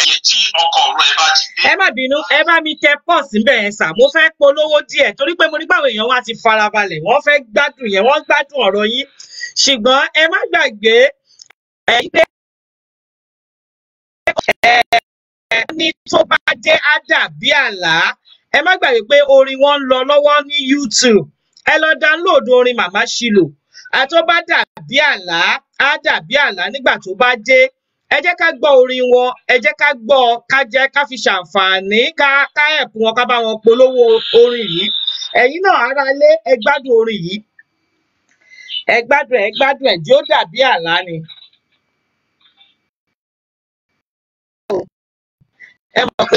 ẹyẹ tí ọkọ ọ̀run ẹ bá ti dé. ẹ má bínú ẹ bá mi tẹ pọ́ọ̀sì síbẹ̀ yẹn sà mo fẹ́ polówó díẹ̀ torí pé mo ní báwọn èèyàn wá ti farabalẹ̀ wọ́n fẹ́ gbádùn yẹn wọ́n gbádùn ọ̀rọ̀ yín ṣùgbọ́n ẹ má gbàgbé ẹ pé ẹ ní tó bá dé á dà bí àlá ẹ má gbàgbé pé orin wọn ń lọ lọ́wọ́ ní YouTube ẹ lọ download orin màmá Ṣìlò àtó bá dàbí àlá á dàbí àlá nígbà tó bá dé ẹ jẹ́ ká gbọ́ orin wọn ẹ jẹ́ ká gbọ́ ká jẹ́ ká fi ṣàǹfààní ká ká ẹ̀pù wọn ká bá wọn polówó orin yìí ẹ̀yin náà ara lé ẹ gbádùn orin yìí ẹ gbádùn ẹ gbádùn ẹ jí ó dàbí àlá ni. ẹ mọ̀ pé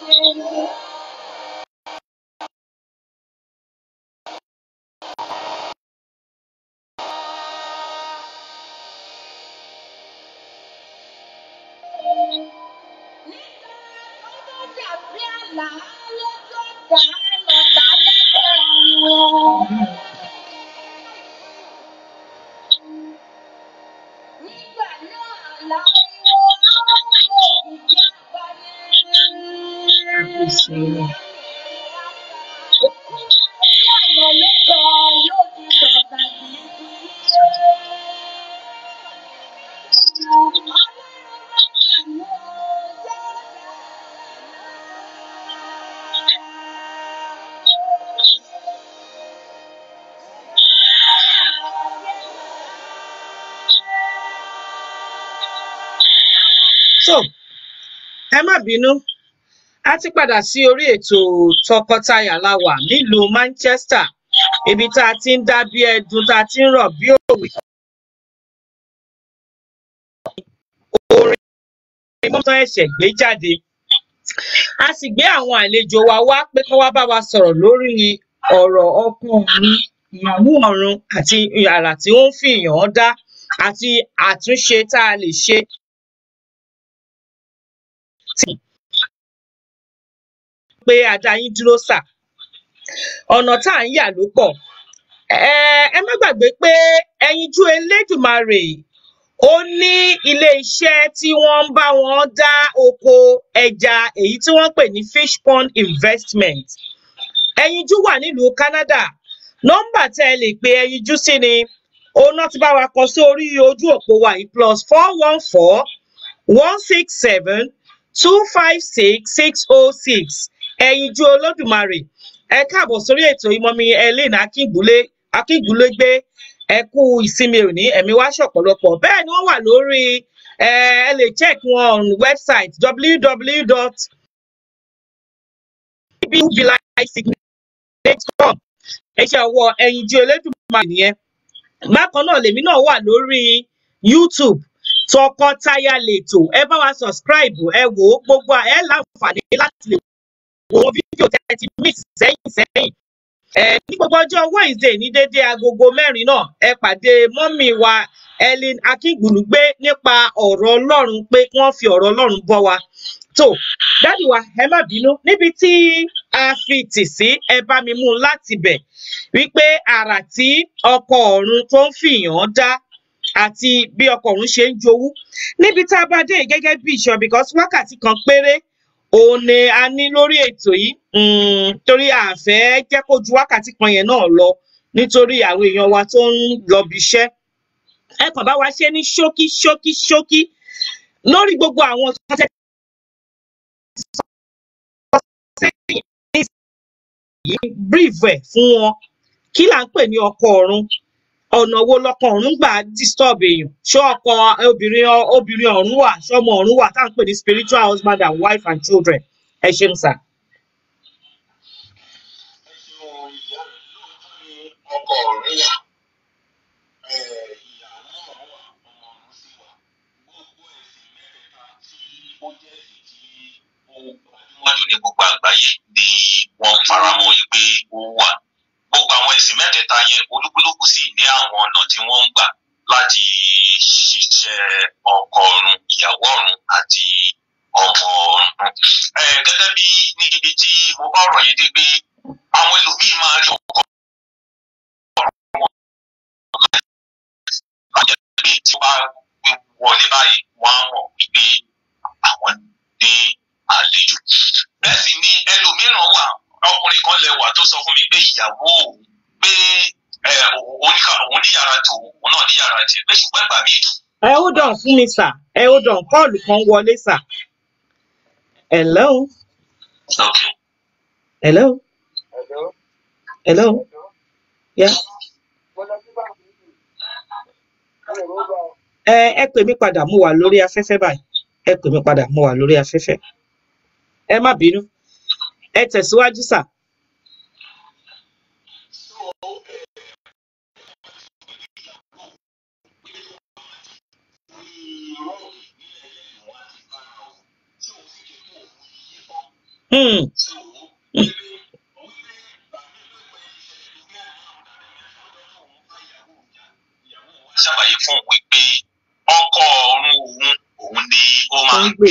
Thank you. so ẹ má bínú a ti padà sí orí ètò tọkọtaya láwà nílùú Manchester ibi tá a ti ń dá bí ẹdun tá a ti ń rọ̀ bí òwe. orin mọ́tò ẹ̀ṣẹ̀ gbé jáde a sì gbé àwọn àlejò wa wá pé kí wọ́n bá wa sọ̀rọ̀ lórí ọ̀rọ̀ ọkọ òun ìyàwó ọ̀run àti àrà tí ó ń fi ìyàn dá àti àtúnṣe tá a lè ṣe tì pé ajá yín dúró sà ọ̀nà tá à ń yà ló pọ̀ ẹ má gbàgbé pé ẹyinjú Elédùmarè ó ní iléeṣẹ́ tí wọ́n ń bá wọn dá oko ẹja èyí tí wọ́n ń pè ní fish pond investment ẹyinjú wà nílùú Canada nọ́mbà tẹ́ ẹ lè pe ẹyinjú sí ni òun náà ti bá wa kọ sí orí ojú òpó wa yìí plus four one four one six seven two five six six oh six ẹ̀yinjú olódùmarè ẹ káàbọ̀ sórí ètò ìmọ̀mi Helen akíngúlé akíngúlégbé ẹ kú ìsinmi òní ẹ̀mí wá ṣọ̀pọ̀lọpọ̀ bẹ́ẹ̀ ni wọ́n wà lórí ẹ ẹ lè check wọn on website www dot bjulysignet.com ẹ ṣe ọwọ́ ẹ̀yinjú olódùmarè nìyẹn bákan náà lèmi náà wà lórí YouTube tọkọtaya lẹ̀tọ́ ẹ bá wa subscribe ẹ wò ó gbogbo ẹ láǹfààní láti lè wo fídíò tẹ́ ti mix sẹ́yìn sẹ́yìn ní gbogbo ọjọ́ Wednesday ní déédéé agogo mẹ́rin náà ẹ pàdé mọ́mì wa Helen Akíngbùnúgbé nípa ọ̀rọ̀ Ọlọ́run pé wọ́n fi ọ̀rọ̀ Ọlọ́run bọ́ wa tó dádì wa ẹ má bínú níbi tí a fi tì sí ẹ bá mi mú un láti bẹ̀ wípé àrà tí ọkọ ọ̀run tó ń fìyàn dá àti bí ọkọ̀ ọ̀hún ṣe ń jowú níbi tá a bá dé gẹ́gẹ́ bí ìṣọ́ because wákàtí kan péré òun ni a ní lórí ètò yìí hmm, torí a fẹ́ jẹ́ kó ju wákàtí kan yẹn náà lọ nítorí àwọn èèyàn wa tó ń lọ bí ẹ kàn bá wa ṣe ní ṣókí ṣókí ṣókí lórí gbogbo àwọn tó tẹ́ yìí brief ẹ̀ fún wọn kí là ń pè ní ọkọ̀ ọ̀run ọ̀nà owó lọkàn ọ̀run gbà disturb èèyàn ṣé ọkọ obìnrin obìnrin ọ̀run wà ṣọmọ ọ̀run wà tá à ń pè ní spiritual husband and wife and children ẹ ṣeun sà. ọkọ ọ̀run yà wọ́n ní gbogbo àgbáyé ni wọ́n faramọ́ pé ó wà gbogbo àwọn ẹ̀sìn mẹ́tẹ̀ẹ̀ta yẹn olúkúlùkù sì ní àwọn ọ̀nà tí wọ́n ń gbà láti ṣiṣẹ́ ọkọ ọ̀run ìyàwó ọ̀run àti ọmọ ọ̀run. gẹ́gẹ́ bí ní ibi tí mo bá ọ̀rọ̀ yìí dé pé àwọn ẹlòmíín máa rí ọkọ ọ̀run wọn láti pé tí wọ́n bá wọlé báyìí wọ́n á mọ̀ wípé àwọn ní àlejò. bẹ́ẹ̀ sì ni ẹlòmíràn wà ọkùnrin kan lẹ́wà tó sọ fún mi pé ìyàwó òun pé òun níyàrá tòun òun náà níyàrá tiẹ̀ pé ṣùgbọ́n ìgbà mi. ẹ ó dàn fún mi sà ẹ ó dàn kọ́ọ̀lù kan wọlé sà. hello. Okay. hello. hello. hello. yeah. ẹ ẹ pè mí padà mo wà lórí afẹ́fẹ́ báyìí ẹ pè mí padà mo wà lórí afẹ́fẹ́ ẹ má bínú ẹ tẹ̀síwájú sà. Hmm. fún wípé ọkọ ọrùn òun òun ni ó máa ń gbé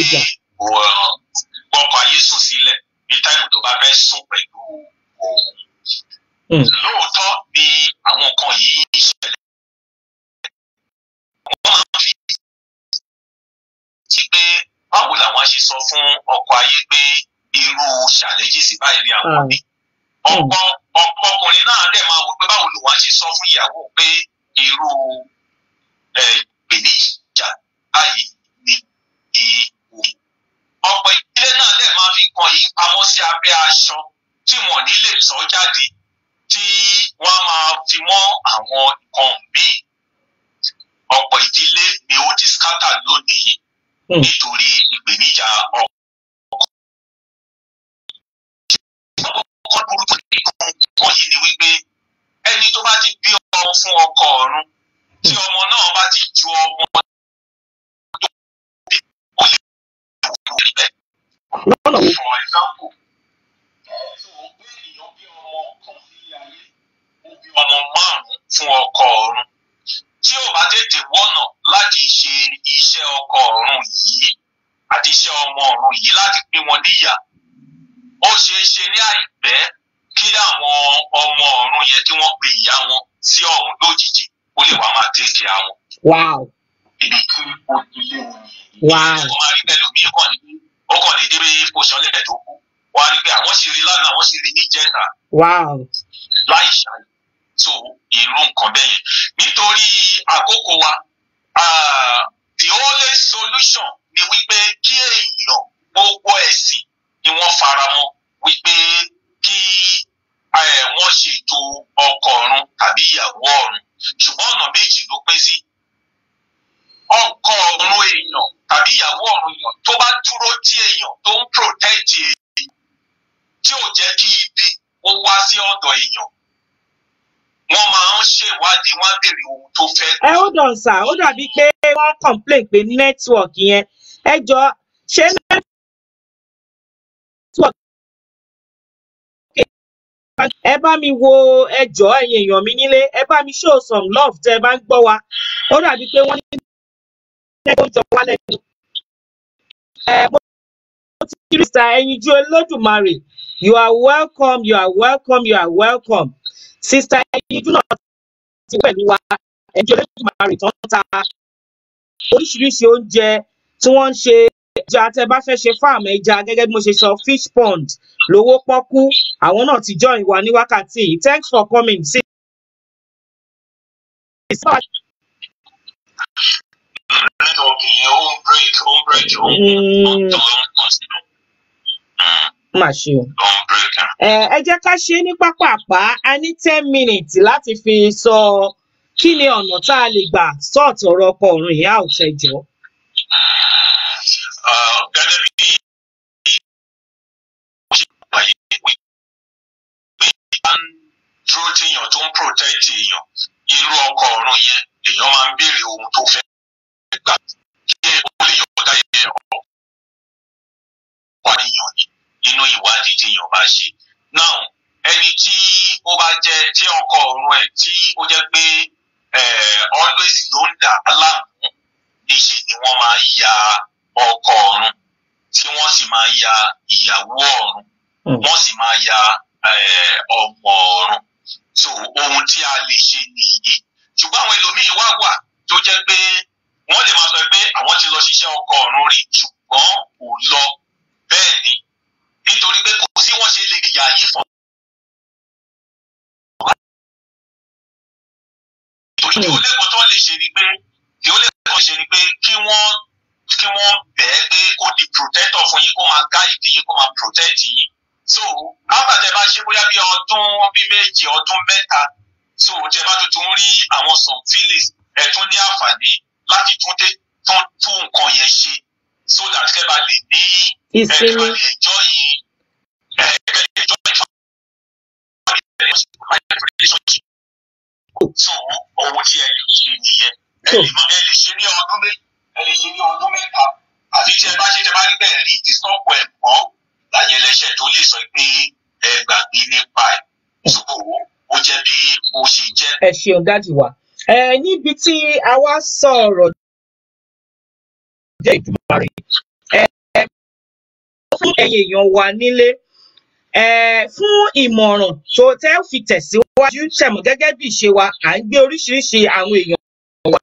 Um, wow. wow. wow. ọlọ́run sà ó dàbí pé wọ́n complain pé network yẹn ẹ jọ ṣé network ẹ bá mi wo ẹjọ ẹ̀yin èèyàn mi nílé ẹ bá mi show some love tẹ́ ẹ bá ń gbọ́ wa ó dàbí pé wọ́n ní ẹgbẹ́ ìjọ wa lẹ́nu ẹ mo ti rí sa ẹ̀yin ju Olódùmarè you are welcome you are welcome you are welcome sister. ẹ̀yin jù náà ti pẹ̀lú wa ẹjọ́ Elédùmarè tó ń ta oríṣiríṣi oúnjẹ tí wọ́n ń ṣe ẹja tẹ bá fẹ́ ṣe fáàmù ẹja gẹ́gẹ́ bí mo ṣe sọ fish pond lówó pọ́kú àwọn náà ti join wa ní wákàtí yìí thanks for coming sí. Mm. Ẹ jẹ́ ká ṣe ní pápá àpá, a ní ten minutes láti fi sọ. So, kí ni ọ̀nà tá a lè gbà sọ́ọ̀tì ọ̀rọ̀ ọkọ ọ̀run ìyá òṣèjọ́. Ah, irú ọkọ ọ̀run yẹn èèyàn máa ń béèrè ohun tó fẹ́ gbà kí ó lè yọ̀ọ̀dá yẹn ọ̀rọ̀ wà níyàn ni nínú ìwádìí tí èèyàn bá ṣe. now ẹni tí ó bá jẹ tí ọkọ ọ̀run ẹ̀ tí ó jẹ́ pé Eh, always ló ń dà á láàmú níṣẹ́ ni wọ́n máa ń ya ọkọ ọ̀run tí wọ́n sì máa ń ya ìyàwó ọ̀run hmm. wọ́n sì máa ya eh, ọmọ ọ̀run so ohun tí a lè ṣe nìyí ṣùgbọ́n àwọn ẹlòmíín wá wà tó jẹ́ pé wọ́n lè máa sọ pé àwọn ti lọ ṣiṣẹ́ ọkọ ọ̀run rí ṣùgbọ́n kò lọ bẹ́ẹ̀ ni nítorí pé kò sí wọ́n ṣe lè yà yìí ojú olẹ́kọ̀ọ́ tó lè ṣe ni pé tí ó lè ṣe ni pé kí wọ́n kí wọ́n bẹ̀ẹ́ pé kó di protector fún yín kó máa guide yín kó máa protect yín so after bá ṣe bóyá bí ọdún bí méje ọdún mẹ́ta so tẹ bá tuntun rí àwọn some feelings ẹ tún ní àǹfààní láti tún tẹ tún tún nǹkan yẹn ṣe so that kẹ bá lè ní ẹ kẹ bá lè enjoy yín ẹ kẹ lè enjoy family relationship tó ohun tí ẹ lè ṣe nìyẹn ẹ lè mọ ẹ lè ṣe ní ọdún méjì ẹ lè ṣe ní ọdún mẹ́ta àfi tí ẹ bá ṣe tẹ bá rí bẹ́ẹ̀ rí ìsọ̀kọ̀ ẹ̀ mọ́ láyé ẹlẹ́ṣẹ̀ tó lè sọ pé ẹ gbàgbé nípa ẹ̀ ṣùgbọ́n ó jẹ́ bí mo ṣe jẹ́. ẹ ṣeun dájú wa níbi tí a wá sọ ọ̀rọ̀ jẹ́ ìdúmọ̀ rẹ̀ ẹ fún ẹ̀yin èèyàn wa nílé fún ìmọ̀ràn tó tẹ́ fi tẹ̀síwájú ṣẹ̀mọ̀ gẹ́gẹ́ bí ìṣe wa à ń gbé oríṣiríṣi àwọn èèyàn wa.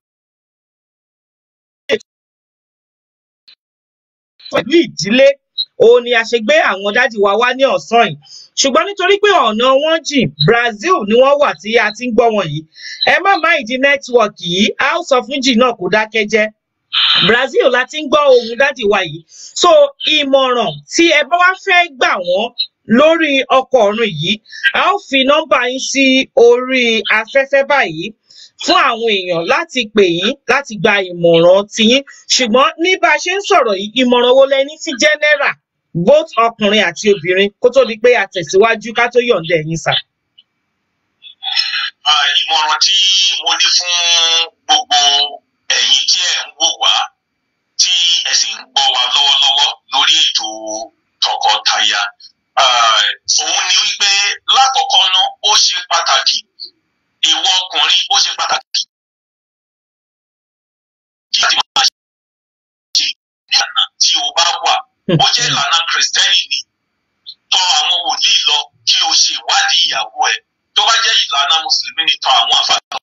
pẹ̀lú ìdílé òun ni a ṣe gbé àwọn dádì wa wá ní ọ̀sán yìí ṣùgbọ́n nítorí pé ọ̀nà wọn jìn Brazil ni wọ́n wà tí a ti ń gbọ́ wọn yìí ẹ má má ìdí nẹ́tíwọ̀kì yìí House of Fuji náà kò dákẹ́ jẹ́ Brazil la ti ń gbọ́ ohun dádì wa yìí so ìmọ̀ràn tí ẹ bá wá fẹ́ gbà wọ́n lórí ọkọ̀ ọ̀run yìí a ó fi nọ́mbà yín sí orí afẹ́fẹ́ báyìí fún àwọn èèyàn láti pè yín láti gba ìmọ̀ràn tiyín ṣùgbọ́n ní bá a ṣe ń sọ̀rọ̀ yìí ìmọ̀ràn wo lẹ ní sí jẹ́nẹ́rà both ọkùnrin àti obìnrin kó tó di pé a tẹ̀síwájú ká tó yọ̀ǹda ẹ̀yin sà. ìmọ̀ràn tí mo ní fún gbogbo ẹ̀yin tí ẹ̀ ń wò wá tí ẹ̀ sì ń gbọ́ wa lọ́wọ́lọ́wọ́ lórí ètò tọkọtaya Ah, òun ni wípé lákọ̀ọ́kọ́ ná ó ṣe pàtàkì ìwọ ọkùnrin ó ṣe pàtàkì kí a ti máa ṣe ìlànà tí o bá wà hmm. ó jẹ́ ìlànà kìrìsìtẹ́nì ni tọ̀ àwọn wòlíì lọ kí o ṣe ìwádìí ìyàwó ẹ̀ tó bá jẹ́ ìlànà mùsùlùmí ni tọ̀ àwọn àfàlọ́.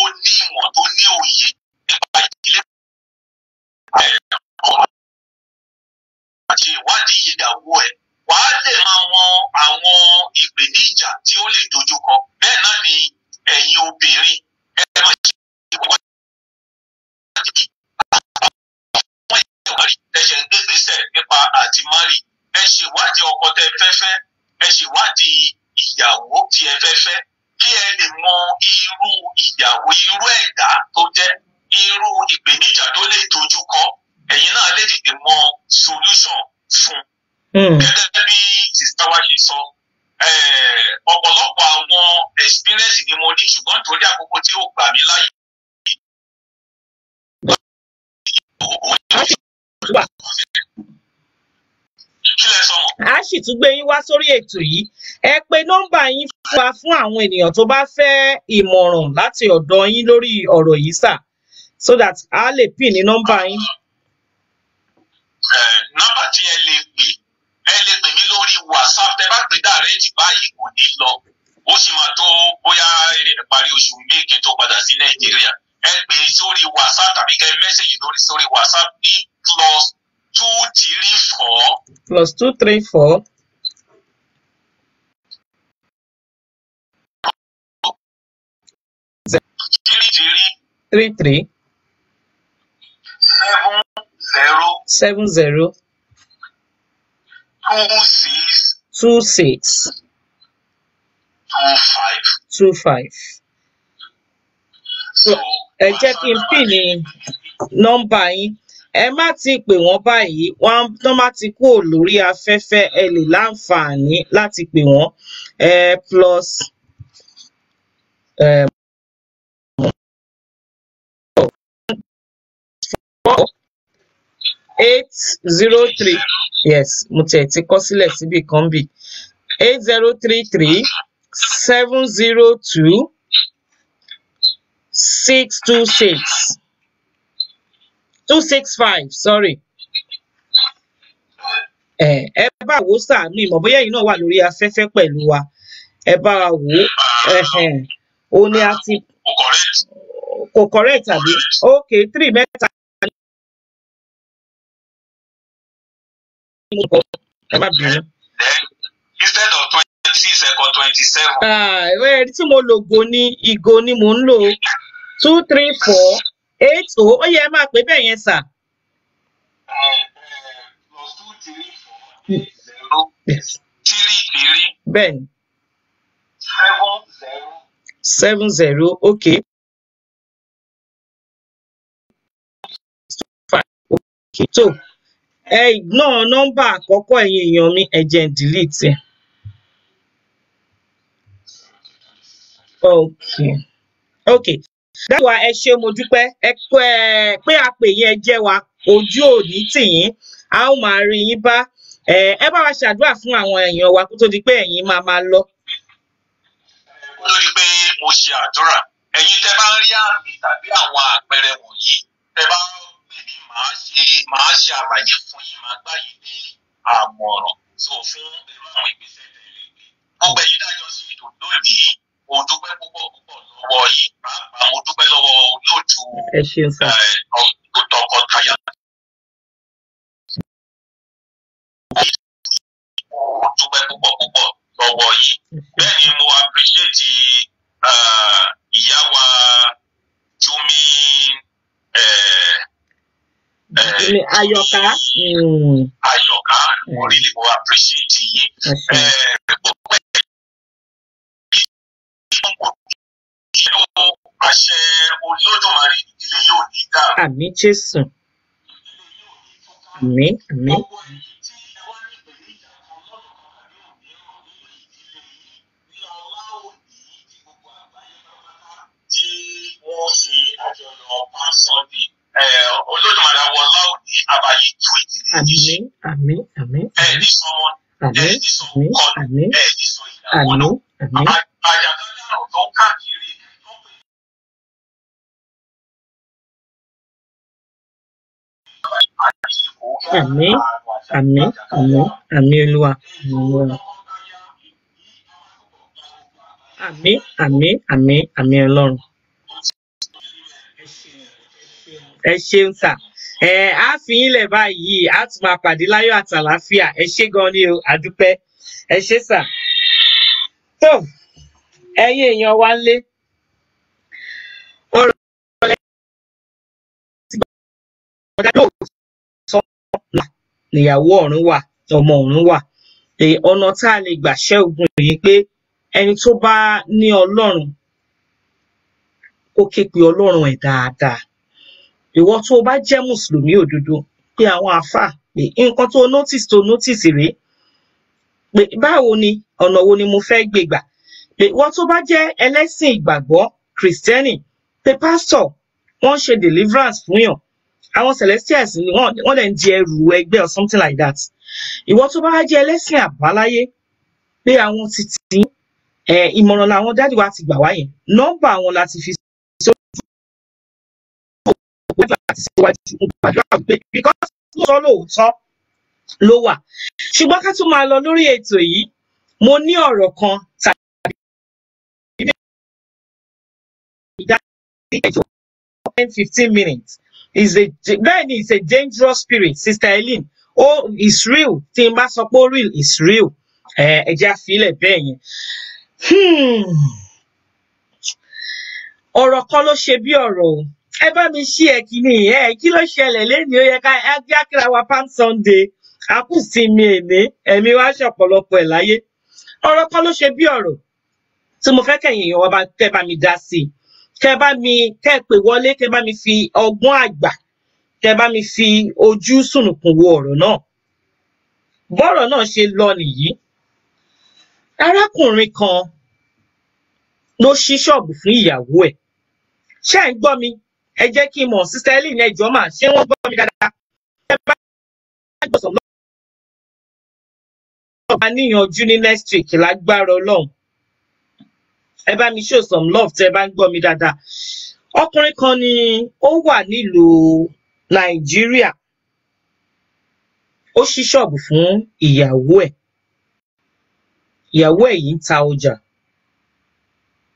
ó ní ìmọ̀ tó ní òye ọ̀rọ̀ àti ìwádìí ìdàwó ẹ̀ wàá lè máa mọ àwọn ìpèníjà tí ó lè dojú kọ bẹ́ẹ̀ náà ni ẹ̀yin obìnrin ẹ máa ṣe ìwádìí àwọn èèyàn rí ẹ̀ṣẹ̀ ń gbègbèsẹ̀ nípa àti mari ẹ ṣèwádìí ọkọ tẹ́ fẹ́ fẹ́ ẹ ṣèwádìí ìyàwó tí ẹ fẹ́ fẹ́ kí ẹ lè mọ irú ìyàwó irú ẹ̀dá tó jẹ́ irú ìpèníjà tó lè dojú kọ ẹ̀yin náà lè tètè mọ solution fún un. Hmm. bí sista wa ṣe sọ ọ̀pọ̀lọpọ̀ àwọn experience ni mo ní ṣùgbọ́n nítorí àkókò tí ó gbà mí láyè. a sì tún gbé yín wá sórí ètò yìí ẹ pè nọ́mbà yín fún wa fún àwọn ènìyàn tó bá fẹ́ ìmọ̀ràn láti ọ̀dọ̀ yín lórí ọ̀rọ̀ yìí sáà so that a lè pin ní nọ́mbà yín. Eh, nọ́mbà tí ẹ lè pè ẹ lè pè mí lórí whatsapp tẹ bá pè dàrẹ́ẹ̀tì báyìí kò ní lọ ó sì máa tó bóyá parí oṣù méje tó padà sí nàìjíríà ẹ pè sórí whatsapp tàbí kẹ mẹ́sẹ̀gì lórí sórí whatsapp ní plus two three four. plus two three four. three three seven zero. seven zero. two six. two six. two five. two five. so ẹ jẹ́ kí n pín ní nọ́mbà yín ẹ má ti pè wọ́n báyìí wọ́n tán bá ti kúrò lórí afẹ́fẹ́ ẹ lè láǹfààní láti pè wọ́n plus. eight zero three yes mo tiẹ̀ ti kọ́ sílẹ̀ síbì kan bì eight zero three three seven zero two six two six two six five sorry ẹ bá wo sàánú ìmọ̀ bóyá ẹ̀yin náà wà lórí afẹ́fẹ́ pẹ̀lú wa ẹ bá wa wò ó o ní a ti kò correct tàbí ok three mẹ́ta. mo ẹ má bínú. instead of twenty second twenty seven. ẹ ah, tí mo lò go ni ìgò ni mò ń lò two three four eight oh ó yẹ ẹ máa pè bẹ́ẹ̀ yẹn sà. two three four eight zero three three. bẹ́ẹ̀ni. seven zero. seven zero okay. okay. so Ẹ ignore nọ́mbà àkọ́kọ́ ẹ̀yin èèyàn mi, ẹ jẹ́ n delete ẹ̀. Okay. Okay. Dáwà ẹ ṣé mo dúpẹ́, ẹ pé àpè yẹn jẹ́ wa, ojú ò ní tì yín, a ó máa rí yín bá. Ẹ bá wa ṣàdúrà fún àwọn èèyàn wa kó tó di pé ẹ̀yin máa máa lọ. Kó tó di pé mo ṣe àdúrà, ẹ̀yin tẹ́ bá ń rí àmì tàbí àwọn àpẹẹrẹ wọ̀nyí, tẹ́ bá ń màá ṣe màá ṣe àlàyé fún yín màá gbà yín ní àmọ̀ràn so fún irú àwọn ìgbésẹ̀ tẹ̀lé gbogbo ẹ̀yin dájọ́ sí ìdòdó yìí mo dúpẹ́ púpọ̀ púpọ̀ lọ́wọ́ yín pàápàá mo dúpẹ́ lọ́wọ́ olóòtú ẹ àyọ̀ká. àyọ̀ká hmm. mo really mo appreciate yín. Eh, àṣẹ olódùmarè ilé yóò ní dáa. àmín jésù àmín àmín. ẹ̀ ní sọ ọkọlù ẹ̀ ní sọ ìyàwó náà àyàtọ̀ náà tó káàkiri. Àmín olúwa olúwa. Àmín àmín àmín ọlọ́run. Ẹ ṣeun sà ẹ á fi yín lẹ̀ báyìí á tún máa pàdé láyọ̀ àtàlàáfíà ẹ ṣé gan ni o àdúpẹ́ ẹ ṣé sà tó ẹ̀yin èèyàn wa lé ọ̀rọ̀ ẹ ti gbà ọjà yóò sọ là níyàwó ọ̀run wà ọmọ ọ̀run wà ọ̀nà tá a lè gbà ṣẹ́ ogun yìí pé ẹni tó bá ní ọlọ́run kó ké pe ọlọ́run ẹ̀ dáadáa ìwọ tó o bá jẹ́ mùsùlùmí òdodo pé àwọn àáfàá pé nǹkan tó notice tó notice rèé pé báwo ni ọ̀nà wo ni mo fẹ́ gbé gbà pé ìwọ tó bá jẹ́ ẹlẹ́sìn ìgbàgbọ́ kìrìsìtẹ́nì pé pásítọ̀ wọ́n ṣe deliverance fún yàn àwọn celestials ni wọ́n lè ń di ẹrù ẹgbẹ́ or something like that ìwọ tó bá jẹ́ ẹlẹ́sìn àbáláyé pé àwọn títí ìmọ̀ràn làwọn dáàdì wa ti gbà wá yẹn nọ́mbà wọn la ti fi because mo sọ lóòótọ́ ló wà ṣùgbọ́n ká tún máa lọ lórí ètò yìí mo ní ọ̀rọ̀ kan tàbí fifteen minutes is a bẹ́ẹ̀ ni is a dangerous spirit sister Eileen oh it's real tí n bá sọ pé real it's real ẹ jẹ́ àfilẹ̀ bẹ́ẹ̀ yẹn hmm. ọ̀rọ̀ kan ló ṣe bí ọ̀rọ̀ o ẹ bá mi ṣí ẹ kìíní ẹ kí ló ṣẹlẹ̀ lẹni ó yẹ ká ẹ kí á kíra wa palm sunday akúsinmi èmi ẹ̀mí wa ṣọ̀pọ̀lọpọ̀ ẹ láyé ọ̀rọ̀ kan ló ṣe bí ọ̀rọ̀ tí mo fẹ́ kẹyìn èèyàn ọba kẹ bá mi dá sí i kẹ bá mi kẹ pè wọlé kẹ bá mi fi ọgbọ́n àgbà kẹ bá mi fi ojú sùnùkùn wo ọ̀rọ̀ náà bọ́rọ̀ náà ṣe lọ nìyí arákùnrin kan ló ṣí ṣọ́ọ̀bù fún ìyàwó ẹ̀ ṣé ń gbọ́ mi ẹ jẹ́ kí n mọ̀ sísá ẹlẹ́yìn náà ẹjọ́ mà ṣé wọ́n gbọ́ mi dáadáa ẹ bá gbọ̀sán lọ́wọ́ bá níyànjú ní next week lágbára ọlọ́run ẹ bá mi show some love tẹ́ ẹ bá ń gbọ́ mi dáadáa ọkùnrin kan ni ó wà nílùú nàìjíríà ó ṣí ṣọ́ọ̀bù fún ìyàwó ẹ̀ ìyàwó ẹ̀ yìí ń ta ọjà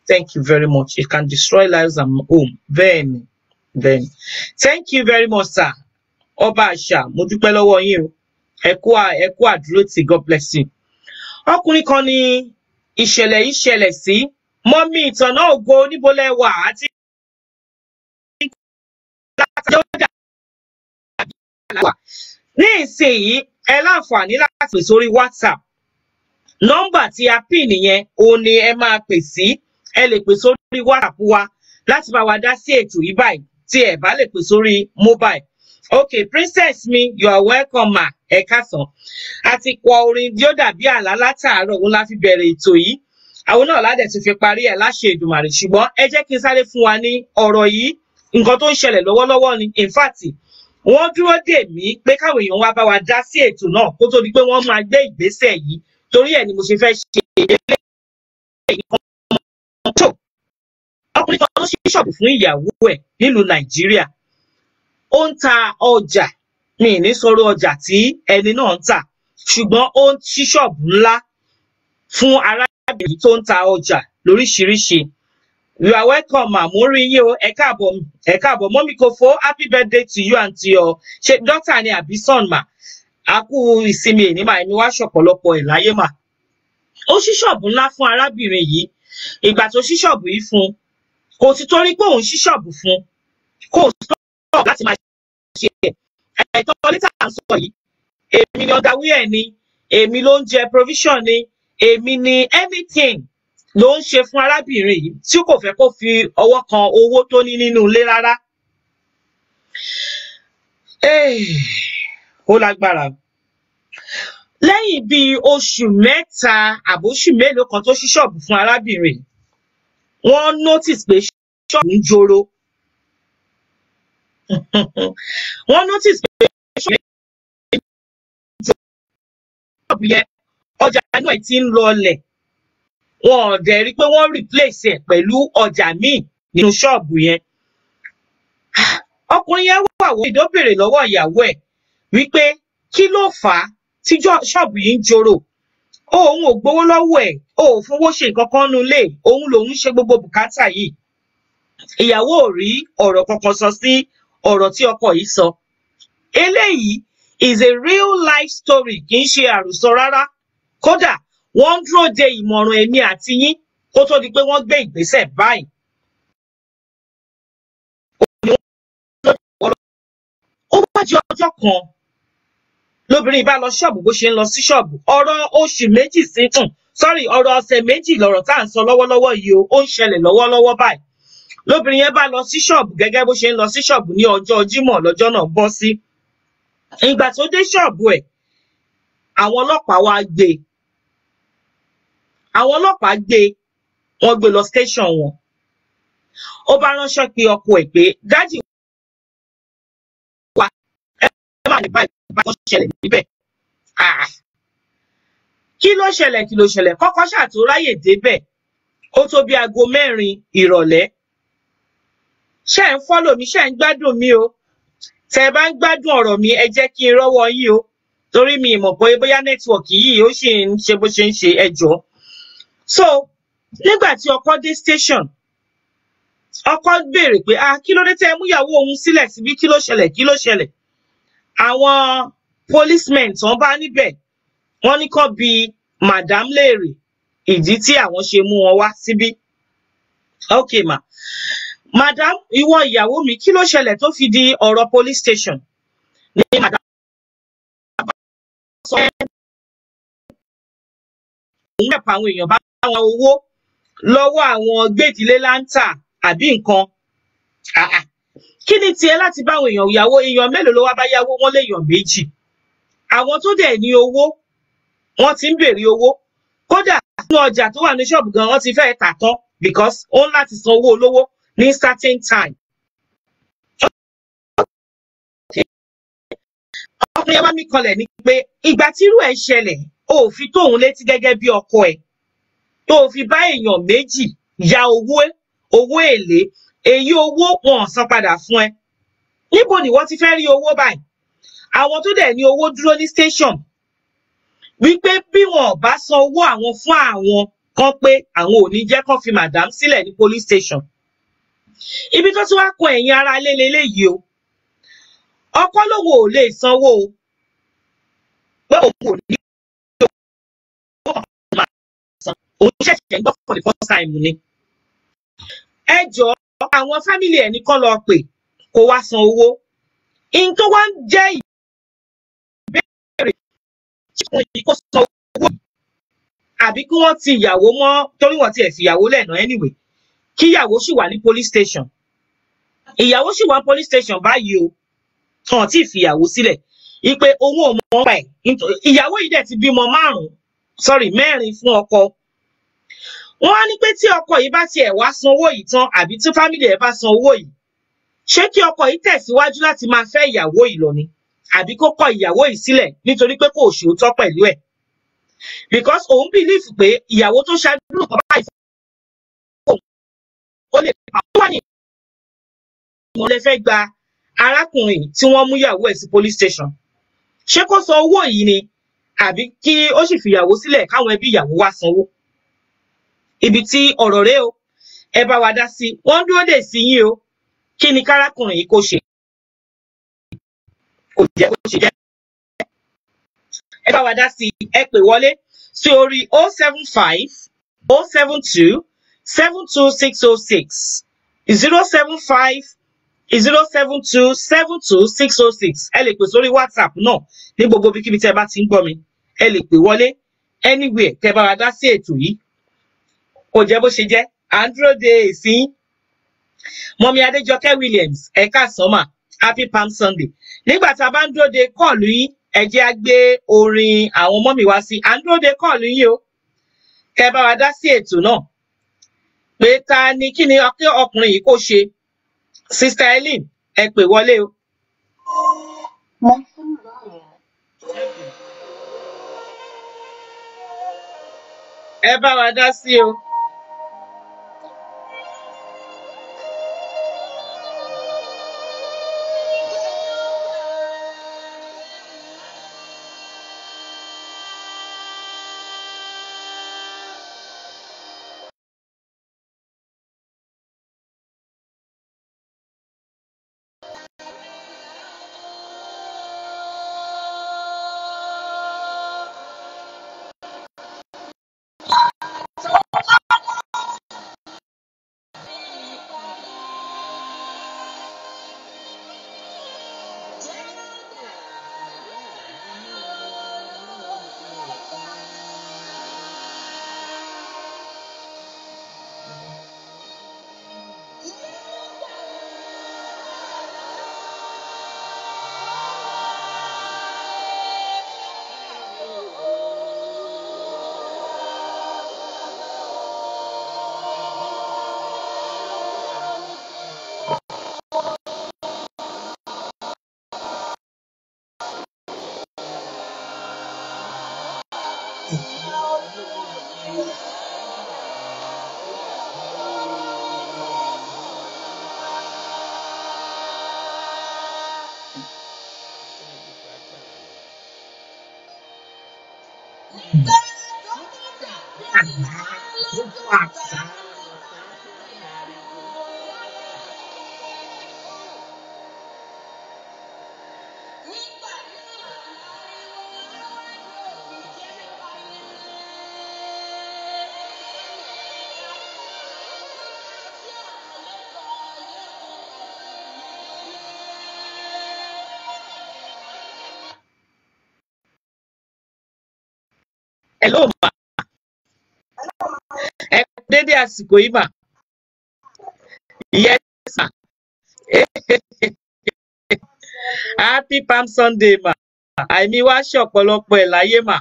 thank you very much it can destroy lives and home bẹ́ẹ̀ ni Then, thank you very much sir ọba àṣà mo dúpẹ́ lọ́wọ́ yín o ẹ kú ẹ god bless you ọkùnrin kan ní ìṣẹ̀lẹ̀ yìí ṣẹlẹ̀ sí mọ́mí ìtànà ògo níbo lẹ wà àti ní ìsinyìí ẹ láǹfààní láti pè sórí whatsapp nọ́mbà tí a pín nìyẹn òun ni ẹ máa pè sí ẹ lè pè sórí whatsapp wa láti bá wa dá sí ètò yìí báyìí tí ẹ bá lè pè sórí mobile ok princess mi you are welcome ma ẹ káàsán a ti kọ orin bí ó dàbí àlá látàárọ̀ òun la fi bẹ̀rẹ̀ ètò yìí àwọn náà ládẹ̀ tó fi parí ẹ̀ láṣẹ Èdùmàrè ṣùgbọ́n ẹ jẹ́ kí n sáré fún wa ní ọ̀rọ̀ yìí nǹkan tó ń ṣẹlẹ̀ lọ́wọ́lọ́wọ́ ni in fact wọ́n dúró dè mí pé káwọn èèyàn wá bá wa dá sí ètò náà kó tó di pé wọ́n máa gbé ìgbésẹ̀ yìí torí ẹ̀ ni mo ṣe fẹ́ ṣe eléyìí ń ṣí ṣọ́ọ̀bù fún ìyàwó ẹ̀ nílùú nàìjíríà ó ń ta ọjà mi ní sọ̀rọ̀ ọjà tí ẹni náà ń tà ṣùgbọ́n ó ń ṣí ṣọ́ọ̀bù ńlá fún arábìnrin tó ń ta ọjà lóríṣiríṣi you are welcome ma mo rí yín o ẹ káàbọ̀ ẹ káàbọ̀ mọ́mí kò fọ́ happy birthday to you and to your ṣe dọ́tà ni àbí son ma a kú ìsinmi èní ma ẹni wá ṣọ̀pọ̀lọpọ̀ ẹ̀ láyé ma ó ṣí ṣọ́ọ̀bù ńlá fún arábìnrin yìí ìgbà tó ṣí ṣọ́ọ̀bù yìí fún kò sì torí pé òun ṣí ṣọ́ọ̀bù fún kò sọ̀rọ̀ láti máa ṣe ẹ̀ ẹ̀tọ́ lítà à ń sọ yìí èmi ni ọ̀gá wíyẹ̀ ni èmi ló ń jẹ provision ni èmi ni everything ló ń ṣe fún arábìnrin yìí tí kò fẹ́ kó fi ọwọ́ kan owó tó ní nínú ilé rárá. ó lágbára lẹ́yìn bíi oṣù mẹ́ta àbóṣù mélòó kan tó ṣí fún arábìnrin yìí wọ́n notice pé ṣọ́ọ̀bù ń joro wọ́n notice pé ṣọ́ọ̀bù yẹn ọjà inú ẹ̀ ti ń lọlẹ̀ wọn ò dẹ̀ rí pé wọ́n replace ẹ̀ pẹ̀lú ọjà míì nínú ṣọ́ọ̀bù yẹn ọkùnrin yẹn wà wọ́n ìdó béèrè lọ́wọ́ ìyàwó ẹ̀ wípé kí ló fà á tí ṣọ́ọ̀bù yìí ń joro òun ò gbowó lọ́wọ́ ẹ̀ o ò fowó ṣe nǹkan kan nu ilé òun lòun ṣe gbogbo bùkátà yìí ìyàwó ò rí ọ̀rọ̀ kankan sọ sí ọ̀rọ̀ tí ọkọ yìí sọ eléyìí is a real life story kì í ṣe àròsọ rárá kódà wọ́n ń dúró de ìmọ̀ràn èmi àti yín kó tó di pé wọ́n gbé ìgbésẹ̀ báyìí. ó wá ọjọ́ kan lóbìnrin bá lọ ṣọ́ọ̀bù bó ṣe ń lọ sí ṣọ́ọ̀bù ọ̀rọ̀ oṣù méjì síkùn sọ́rí ọ̀rọ̀ ọ̀sẹ̀ méjì lọ̀rọ̀ tá à ń sọ lọ́wọ́lọ́wọ́ yìí o ó ń ṣẹlẹ̀ lọ́wọ́lọ́wọ́ báyìí lóbìnrin yẹn bá lọ sí ṣọ́ọ̀bù gẹ́gẹ́ bó ṣe ń lọ sí ṣọ́ọ̀bù ní ọjọ́ Jímọ̀ lọ́jọ́ náà bọ́ sí ìgbà tó dé ṣọ́ọ̀bù ẹ̀ àwọn ọlọ́pàá wá gbé àwọn ọlọ́pàá gbé wọn gbé lọ station wọn ó bá ránṣẹ́ pé ọkọ ẹ̀ pé dájì wá ẹ má ní báyìí báyìí tó ṣẹlẹ̀ níbẹ̀ ah. kí ló ṣẹlẹ̀ kí ló ṣẹlẹ̀ kọ́kọ́ ṣàtò ráyè débẹ̀ ó tó bí aago mẹ́rin ìrọ̀lẹ́ ṣe ń fọ́lò mi ṣe ń gbádùn mi o tẹ bá ń gbádùn ọ̀rọ̀ mi ẹ jẹ́ kí n rọ́wọ́ yín o torí mi ìmọ̀ bóyá bóyá nẹ́tíwọ̀kì yìí ó sì ń ṣe bó ṣe ń ṣe ẹjọ́ so nígbà tí ọkọ dé station ọkọ béèrè pé ah kí ló dé tẹ mú ìyàwó òun sílẹ̀ síbí kí ló ṣẹlẹ̀ kí ló ṣẹlẹ̀ àwọn policemen tán bá níbẹ̀ wọ́n ní kàn bi madam léèrè ìdí tí àwọn ṣe mú wọn wá síbí. ok ma madam ìwọ ìyàwó mi kí ló ṣẹlẹ̀ tó fi di ọ̀rọ̀ police station ní madam sọ ẹ́ òun rẹ̀ pa àwọn èèyàn bá wọn owó lọ́wọ́ àwọn gbèdílé láńtà àbí nǹkan kí ni tiẹ̀ láti báwọn èèyàn yàwó èèyàn mélòó ló wá bá yáwó wọn léèyàn méjì àwọn tó dẹ̀ ní owó wọ́n ti ń béèrè owó kódà nínú ọjà tó wà ní ṣọ́ọ̀bù gan wọ́n ti fẹ́ tà tán because ó ń láti san owó olówó ní certain time. ọkùnrin wa mi kanlẹ̀ ni pé ìgbà tírú ẹ̀ ṣẹlẹ̀ ó fi tóun létí gẹ́gẹ́ bí ọkọ ẹ̀ tó fi bá èèyàn méjì ya owó owó èlé èyí owó wọn san padà fún ẹ níbo ni wọ́n ti fẹ́ rí owó báyìí àwọn tó dẹ̀ ní owó dúró ní station wípé bí wọn bá san owó àwọn fún àwọn kan pé àwọn ò ní jẹ́ kán fi madam sílẹ̀ ní police station ibi tó ti wá kan ẹ̀yin ara lélẹlẹ yìí o ọkọ lòun ò lè sanwó o pé òun kò ní owó ọ̀hún máa san òun ṣẹ̀ṣẹ̀ gbọ́ for the first time ni. ẹ jọ̀ọ́ àwọn fámìlì ẹ̀ nìkan lọ pè kó wá san owó in tó wá ń jẹ́ ìbéèrè tí wọ́n yìí kó san owó àbí kí wọ́n ti ìyàwó mọ́ torí wọ́n ti ẹ̀ fìyàwó lẹ́nà anyway kí ìyàwó sì wà ní police station ìyàwó sì wà police station báyìí o tàn tí ìfìyàwó sílẹ̀ ipe owó ọmọ ẹ̀ ìyàwó yìí dẹ̀ ti bímọ márùn-ún sorry mẹ́rin fún ọkọ wọn á ní pé tí ọkọ yìí bá tiẹ̀ wá san owó yìí tán àbí tí fámìlì ẹ̀ bá san owó yìí ṣé kí ọkọ yìí tẹ̀síwájú láti máa fẹ́ ìyàwó yìí lọ ni àbí kó kọ ìyàwó yìí sílẹ̀ nítorí pé kò ṣòótọ́ pẹ̀lú ẹ̀ because òun bìlífù pé ìyàwó tó ṣáájú nǹkan bá ìfọ ó lè pa ó wà ní ìmọ̀ lè fẹ́ gba arákùnrin tí wọ́n mú ìyàwó ẹ̀ sí police station ṣé kó san owó yìí ni àbí kí ó sì fìyàwó sílẹ̀ káwọn ẹbí ìyàwó wá sanwó ibi tí ọ̀rọ̀ rẹ o ẹ bá wa dá sí wọ́n dúró dè sí yín o kí ni kárákùnrin yìí kò ṣe kò jẹ́ kò ṣe jẹ́ ẹ bá wa dá sí ẹ pè wọlé sí orí o oh seven five o oh seven two seven two six o oh six zero seven five zero seven two seven two six o six ẹ lè pè sórí WhatsApp náà ní gbogbo ibikíbi tí ẹ bá ti ń gbọ́ mi ẹ lè pè wọlé anywhere tẹ́ bá wa dá sí ètò yìí kò jẹ́ bó ṣe jẹ́ à ń dúró de ìsín mọ́mí adéjọkẹ́ williams ẹ̀ka sọ́mà happy palm sunday nígbà tá a bá ń dúró de kọ́ọ̀lù yín ẹ jẹ́ á gbé orin àwọn mọ́mí wá sí à ń dúró de kọ́ọ̀lù yín o kẹ́ bá wa dá sí ètò náà pé ta ni kí ni ọkùnrin yìí kò ṣe sister eileen ẹ pè wọlé o. ẹ bá wa dá sí o. dé àsìkò yìí mà yes ma happy palm sunday ma àìmí wá ṣe ọ̀pọ̀lọpọ̀ ẹ̀ láyé mà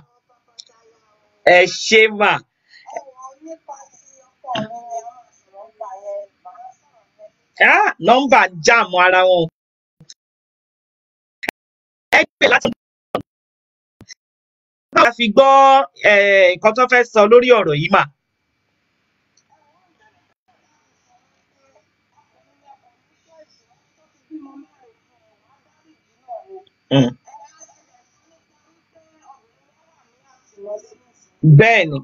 ẹ ṣé mà. nọ́mbà jáàmù ara wọn ẹ gbé láti bá a fi gbọ́ nǹkan tó fẹ́ sọ lórí ọ̀rọ̀ yìí mà. Bẹ́ẹ̀ni.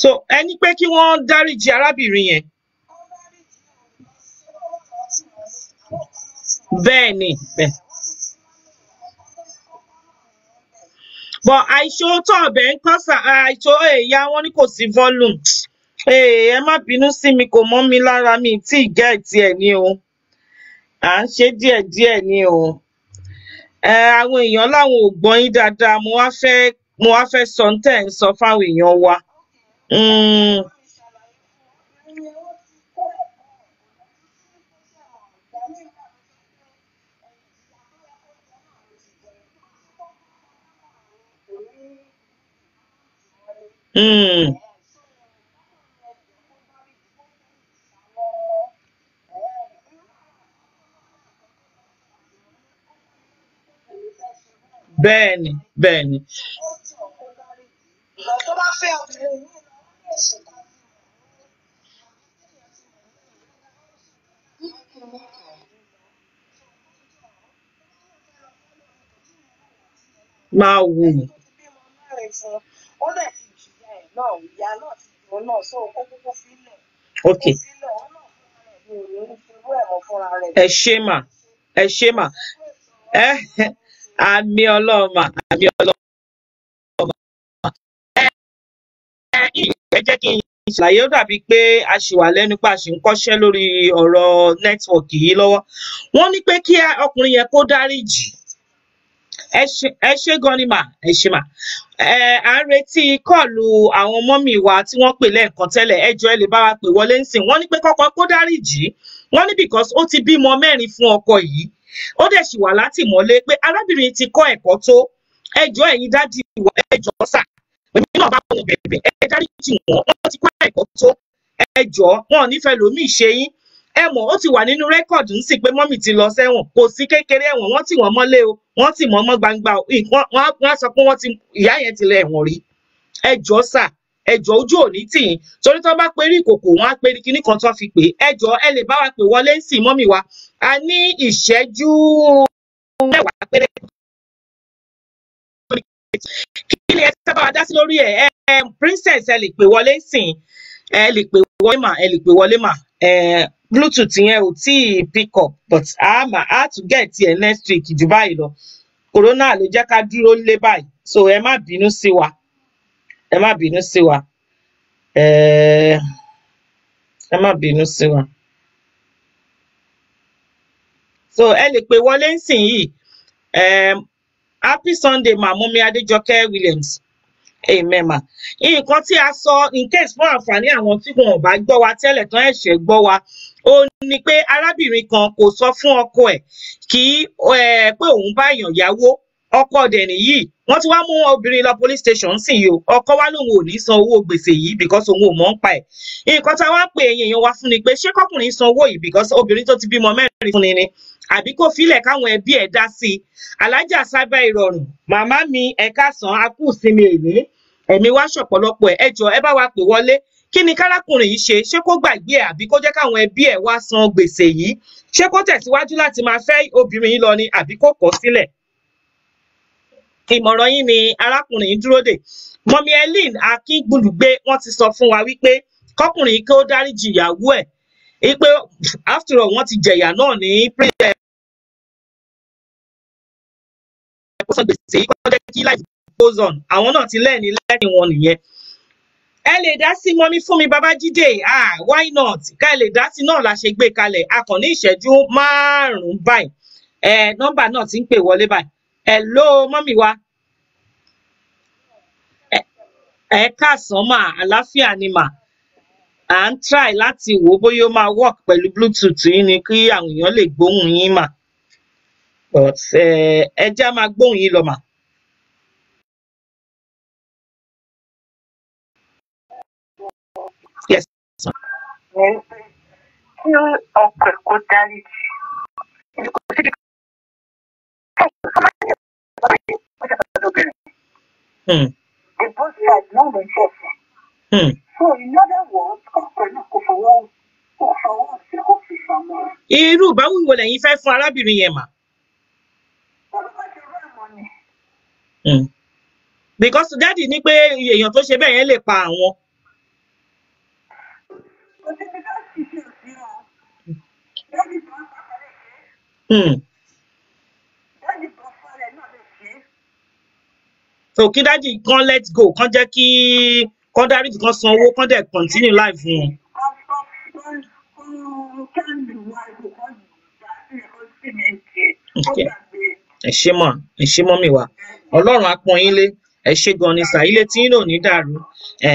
so ẹni pé kí wọ́n dáríji arábìnrin yẹn bẹ́ẹ̀ ni bọ àìṣòótọ́ ọbẹ̀ ń kọ́ àìṣó èèyàn eh, wọn ni kò sí volume eh, ẹ má bínú sí mi kò mọ́ mi lára mi tí ìgẹ́ tiẹ̀ ni o à ń ṣe díẹ̀díẹ̀ ni o àwọn èèyàn láwọn ò gbọ́ yín dáadáa mo wá fẹ́ mo wá fẹ́ sọ ń tẹ̀ ń sọ fáwọn èèyàn wa. Hmm. Mm. Bẹ́ẹ̀ni, bẹ́ẹ̀ni. Máa wù náà ìyá náà ti dùn ún náà sóò kó kúkú sílẹ̀. ok ẹ ṣé mà ẹ ṣé mà ẹ àmì ọlọ́run àmì ọlọ́run mà ẹ jẹ́ kí n ṣàlàyé ó dàbí pé a ṣì wà lẹ́nu pa a ṣì ń kọ́ṣẹ́ lórí ọ̀rọ̀ nẹ́tíwọ̀kì yìí lọ́wọ́ wọ́n ní pé kí ọkùnrin yẹn kó dáríjì ẹ ṣé gan ni mà ẹ ṣé mà à ń retí kọ́ọ̀lù àwọn mọ́mì wa tí wọ́n pè lẹ́ẹ̀kan tẹ́lẹ̀ ẹ jọ̀ọ́ ẹ lè bá wa pè wọlé ńsìn wọ́n ní pé kọ́kọ́ kó dáríjì wọ́n ní because ó ti bímọ mẹ́rin fún ọkọ yìí ó dẹ̀ sì wà látìmọ́lé pé arábìnrin ti kọ́ ẹ̀kọ́ tó ẹ jọ̀ọ́ ẹ̀yin dádì wa ẹ jọ̀ọ́ sà èmi náà bá wọn bẹ̀bẹ̀ ẹ dáríjì wọn wọ́n ti kọ́ ẹ̀kọ́ tó ẹ wọn ò nífẹ̀ẹ́ lómi ìṣe ẹ mọ̀ ó ti wà nínú rẹ́kọ̀dù ń sì pé mọ́mì ti lọ sẹ́wọ̀n kò sí kékeré ẹ̀wọ̀n wọ́n tì wọ́n mọ́lé o wọ́n tì wọ́n mọ́ gbangba o wọ́n á sọ pé wọ́n ti ìyá yẹn ti lọ ẹ̀wọ̀n rí ẹjọ́ sà ẹjọ́ ojú òní tì yín torí tó bá pé rí ìkòkò wọ́n á pé rí kinní kan tó fi pè é ẹjọ́ ẹ lè bá wa pè wọlé ń mọ́mì wa a ní ìṣẹ́jú mẹ́wàá péré kí ni ẹ sábà dá sí lórí ẹ ẹ princess ẹ lè pè wọlé ń sìn ẹ lè pè wọlé mà ẹ lè pè wọlé mà ẹ bluetooth yẹn ò tí ì pick up but a máa a tún get ẹ next week jù báyìí lọ corona ló jẹ́ ká dúró lé báyìí so ẹ má bínú sí wa ẹ má bínú sí wa eh, ẹ má bínú sí wa so ẹ lè pè wọlé nísìnyìí um, eh, happy sunday ma mumi adéjọkẹ williams Hey ma nǹkan tí a sọ in case fún àǹfààní àwọn tí wọn ò bá gbọ́ wa tẹ́lẹ̀ tán ẹ̀ṣẹ̀ gbọ́ wa ó ní pé arábìnrin kan kò sọ fún ọkọ ẹ̀ kí pé òun bá èèyàn yáwó ọkọ dẹ̀ nìyí wọ́n ti wá mú obìnrin lọ police station sí yìí o ọkọ wa lòun ò ní san owó gbèsè yìí because òun ò mọ̀ ń pa ẹ̀ nǹkan tá a wá pè èyàn èèyàn wa fún ni pé ṣé kọkùnrin san owó yìí because obìnrin tó ti bímọ mẹ́rin fún ni ni àbí kò filẹ̀ káwọn ẹbí ẹ̀ dá sí i alájà sábà ìrọ̀rùn màmá mi ẹ̀ka sàn á kù sí mi èmi ẹ̀mí wá ṣọ̀pọ̀lọpọ̀ ẹ̀ ẹjọ́ ẹ bá wa pè wọlé kí ni kárákùnrin yìí ṣe ṣé kó gbàgbé ẹ àbí kó jẹ́ káwọn ẹbí ẹ wá san gbèsè yìí ṣé kó tẹ̀síwájú láti máa fẹ́ obìnrin yìí lọ ni àbí kó kọ̀ sílẹ̀ ìmọ̀ràn yín ni arákùnrin yìí dúró dè mọ́mí Helen akíngbùdùgbé wọ́n ti sọ fún wa wípé kọ́kùnrin yìí kí ó dáríjì ìyàwó ẹ̀ wípé after all wọ́n ti jẹ̀yà náà ní pírẹ́ kó san gbèsè yìí kó jẹ́ kí life goes on àwọn náà ti lẹ́ẹ̀ni lẹ́yìn wọn nìyẹn ẹ lè dá sí mọ́mí fún mi babájídé ah why not ká ẹ lè dá sí náà la ṣe gbé kalẹ̀ a kàn ní ìṣẹ́jú márùn-ún báyìí ẹ nọ́mbà náà ti ń pè wọlé báyìí hello mọ́mí wa ẹ káàsán mà àlàáfíà ni mà à ń try láti wò ó bóyá ó máa work pẹ̀lú bluetooth yín ni kí àwọn èèyàn lè gbóhùn yín mà but ẹ jẹ́ á máa gbóhùn yín lọ mà. yes. kí ọkọ ẹ kó dárí jì kò síbi Mm. The both sides know themselves. Mm. So in other words, ọkọ náà kò fọwọ́ kò fọwọ́ sí kò fi fàmọ́. Irú ìbáwí wo lẹ́yìn fẹ́ fún arábìnrin yẹn mà? Olúwa ti rú àmọ́ ni. Because dáàdì ní pé èèyàn tó ṣe bẹ́ẹ̀ yẹn lè pa àwọn. Hmm. so kí dájì kan let go kan jẹ́ kí kan dárí kan san owó kan dẹ̀ continue life fún wọn. ẹ ṣé mọ ẹ ṣé mọ mi wá Ọlọ́run á pọ́n yín lé ẹ ṣé gan ni sà ilé tí yín náà ní dàrú ẹ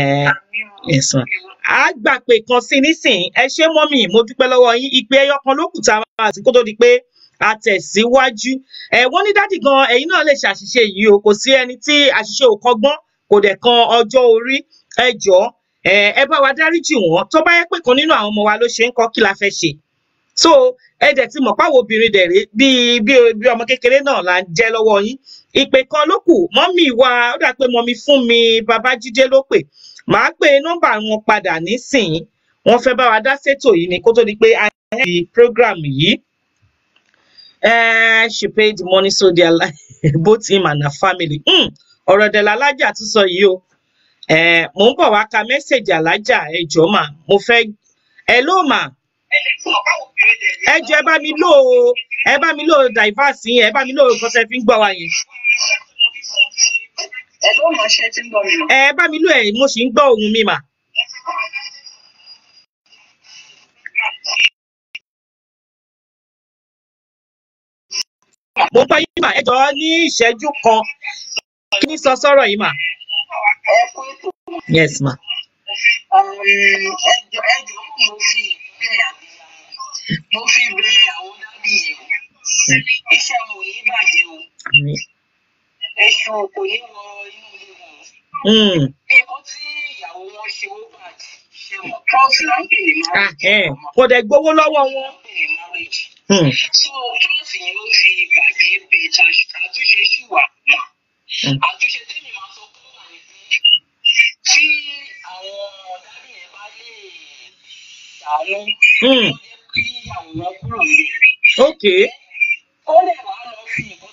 ẹ sàn á gbà pé kan sí nísìnyí ẹ ṣé mọ́mì mo dúpẹ́ lọ́wọ́ yín ìpè ẹyọ kan ló a máa sí kó tó di pé a tẹ̀síwájú ẹ wọ́n ní dádì gan ẹ̀yin náà lè ṣàṣìṣe yìí o kò sí ẹni tí àṣìṣe ò kọ́gbọ́n kò dẹ̀ kan ọjọ́ orí ẹ jọ̀ọ́ ẹ ẹ bá wa dáríjì wọ́n tó bá yẹ pé kan nínú àwọn ọmọ wa ló ṣe ń kọ́ kí la fẹ́ ṣe so ẹ dẹ̀ ti mọ̀ páwo obìnrin dẹ̀ rèé bíi bíi ọmọ kékeré náà là ń jẹ́ lọ́wọ́ yín ìpè kan ló kù mọ́mì wa ó dà pé mọ́mì fún mi Babájídé ló pè màá pè nọ́mbà wọn padà nísìnyí wọ́n fẹ́ bá wa dá sétò yìí ni kó tó di pé a ní di program yìí. she paid money so their life both him and her family. Hmm, ọ̀rọ̀ dẹ̀ lálájà tún sọ yìí o mò ń bọ̀ wá ka mẹ́sẹ̀gì alájà ẹ jọ̀ọ́ mà mo fẹ́ ẹ ló mà ẹ jọ̀ọ́ ẹ bá mi lò ó ẹ bá mi lò ó diverse yẹn ẹ bá mi lò ó kọ́sẹ́ fi ń gbọ́ wa yẹn ẹ ẹ bá mi lú ẹ mo sì ń gbọ́ ohùn mi mà. mo ń yín mà ẹ jọ ní ìṣẹ́jú kan kí ni sọ sọ́rọ̀ yìí mà. yes ma. Um, mo fi bẹ àwọn dábì yẹn o mm. iṣẹ́ wọn ò bàjẹ́ o èṣù kò ní wọ inú ilé wọn. Hmm. bí nǹkan tí ìyàwó wọn ṣe ó bàjẹ́ ṣe mọ̀ trust là ń pè ní marriage. Ah, eh. kò dẹ̀ gbowó lọ́wọ́ wọn. Hmm. so trust yẹn ó ti bàjẹ́ bẹ̀ẹ̀ àtúnṣe ṣì wà mọ́ hmm. àtúnṣe tẹ́mi máa sọ fún wa ni pé tí àwọn ọ̀daràn yẹn bá lè ṣàánú kí ìyàwó wọn kúrò nílé. ó lè wá lọ fi ìbọn.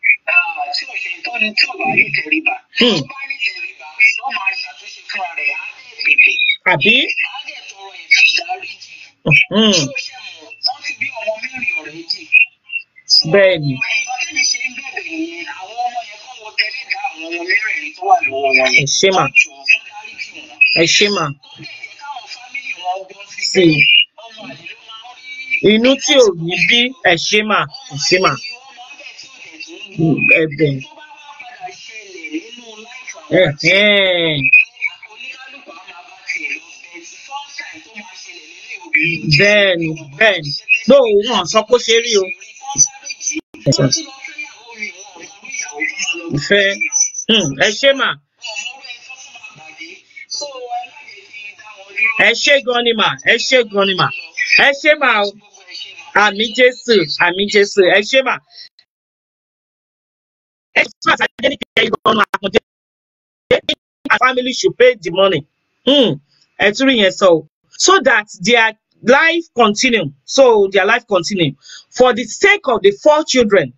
Ah, tí ò tó ní tí ò bá ní tẹríba hmm. tó bá ní tẹríba ó máa ṣàtúnṣe fúnra rẹ̀ á dẹ̀ bèbè á dẹ̀ tọrọ ìdáríjì tó hmm. ṣe mọ̀ wọ́n ti bí ọmọ mẹ́rin ọ̀rẹ́ jì. bẹ́ẹ̀ni. nǹkan tẹ́mi ṣe ń bẹ̀bẹ̀ nìyẹn àwọn ọmọ yẹn kọ́ wọ tẹ́lẹ̀ dá àwọn ọmọ mẹ́rin tó wà lọ́wọ́ wọn yẹn. ẹ ṣé mà ẹ ṣé mà. inú tí ò ní bí ẹ ṣé mà ẹ ṣé mà ẹ̀bẹ̀. bẹ́ẹ̀ni bẹ́ẹ̀ni ló wọn sọ pé ó ṣe rí o. ìfẹ́ hmm, ẹ ṣé mà. ẹ ṣé gan ni mà ẹ ṣé gan ni mà ẹ ṣé mà o àmì Jésù àmì Jésù ẹ ṣé mà. Esmat Adenike Governor Akunde and family should pay the money. Hmm. tún rí yẹn sọ So that their life continue. So their life continue. For the sake of the four children.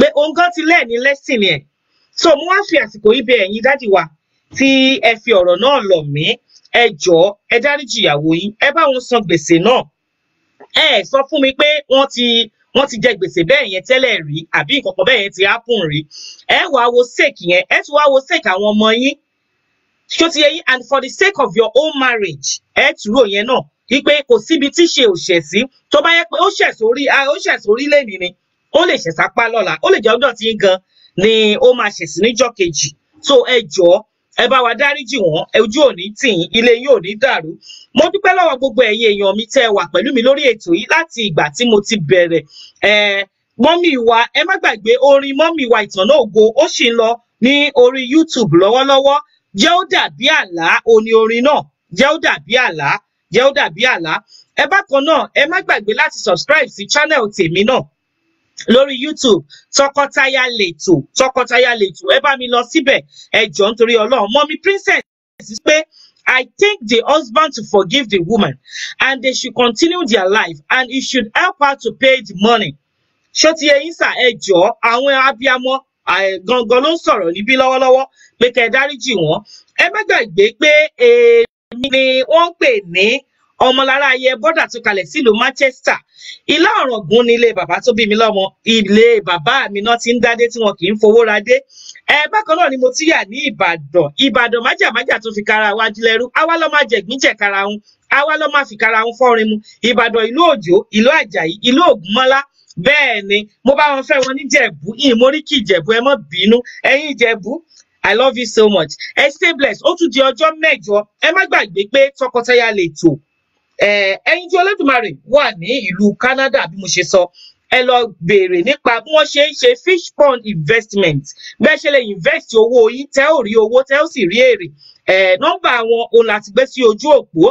Pé òun gan ti lẹ́ẹ̀ ní lẹ́sìn yẹn. So mo wá fi àsìkò yìí bẹ ẹ̀yin dádì wa See, if fi ọ̀rọ̀ náà me, a Ẹ a ẹ dáríjì we ever want bá wọn san gbèsè náà. Ẹ sọ me mi pé wọ́n wọ́n ti jẹ gbèsè bẹ́ẹ̀ yẹn tẹ́lẹ̀ rí àbí nǹkan kan bẹ́ẹ̀ yẹn ti happen rí ẹ wá wo sake yẹn ẹ tún wá wo sake àwọn ọmọ yín ṣó ti yẹ yín and for the sake of your own marriage ẹ tùrò yẹn náà wípé kò síbi tí ṣe ò ṣẹ̀ sí tó bá yẹ pé ó ṣẹ̀ sórí ó ṣẹ̀ sórí lẹ́ni ni ó lè ṣẹ̀ sápá lọ́la ó lè jẹ́ ọjọ́ tí ń gan ni ó máa ṣẹ̀ sí níjọ́ kejì so ẹ jọ̀ọ́ ẹ bá wa dáríjì wọn ojú ò ní tì yín ilé yín ò ní dàrú mo dúpẹ́ lọ́wọ́ gbogbo ẹ̀yin èèyàn mi tẹ́ wà pẹ̀lú mi lórí ètò yìí láti ìgbà tí mo ti bẹ̀rẹ̀ mọ́mì wa ẹ má gbàgbé orin mọ́mì wa ìtàn náà ògo ó sì ń lọ ní orí YouTube lọ́wọ́lọ́wọ́ jẹ́ ó dàbí àlá òní orin náà jẹ́ ó dàbí àlá jẹ́ ó dàbí àlá ẹ bákan náà ẹ má gbàgbé láti subscribe sí channel tèmi náà lórí youtube tọkọtaya lètò tọkọtaya lètò ẹ bá mi lọ síbẹ̀ ẹ jọ nítorí Ọlọ́run mọ́mí princess pé I take the husband to forgive the woman and they should continue their life and he should help her to pay the money ṣó ti yẹ yín sà ẹ jọ àwọn abiyamọ gangan ló ń sọ̀rọ̀ níbí lọ́wọ́lọ́wọ́ pé kẹ́ ẹ dáríjì wọ́n ẹ má gbàgbé pé èmi ni wọ́n pè ní ọmọlára ayẹ bọ́dà tó kalẹ̀ sílùú Manchester ilá ọ̀ràngún ni ilé bàbá tó bí mi lọ́mọ ilé bàbá mi náà ti ń dádé tí wọn kì í fowó ra dé ẹ bákan náà ni mo ti yà ní Ìbàdàn Ìbàdàn májàmájà tó fi kára wájú lẹ́rú àwa ló máa jẹ̀gbín jẹ̀ kára ń àwa ló máa fi kára ń fọ́rin mu Ìbàdàn ìlú Òjó ìlú Àjàyí ìlú Ògúnmọ́lá bẹ́ẹ̀ ni mo bá wọn fẹ́ wọn ní Jẹ̀bú ìmórí I love you so much ẹ stay blessed ó tún di ọjọ́ mẹ́jọ ẹ má gbàgbé pé tọkọtaya lè tò ẹ̀yin tí Olódùmarè wà ní ìlú Canada bí mo ṣe sọ ẹ lọ béèrè nípa bí wọ́n ṣe ń ṣe fish pond investment bẹ́ẹ̀ ṣe lè invest owó yín tẹ́ ò rí owó tẹ́ ò sì rí èrè nọ́mbà wọn òun láti gbé sí ojú òpó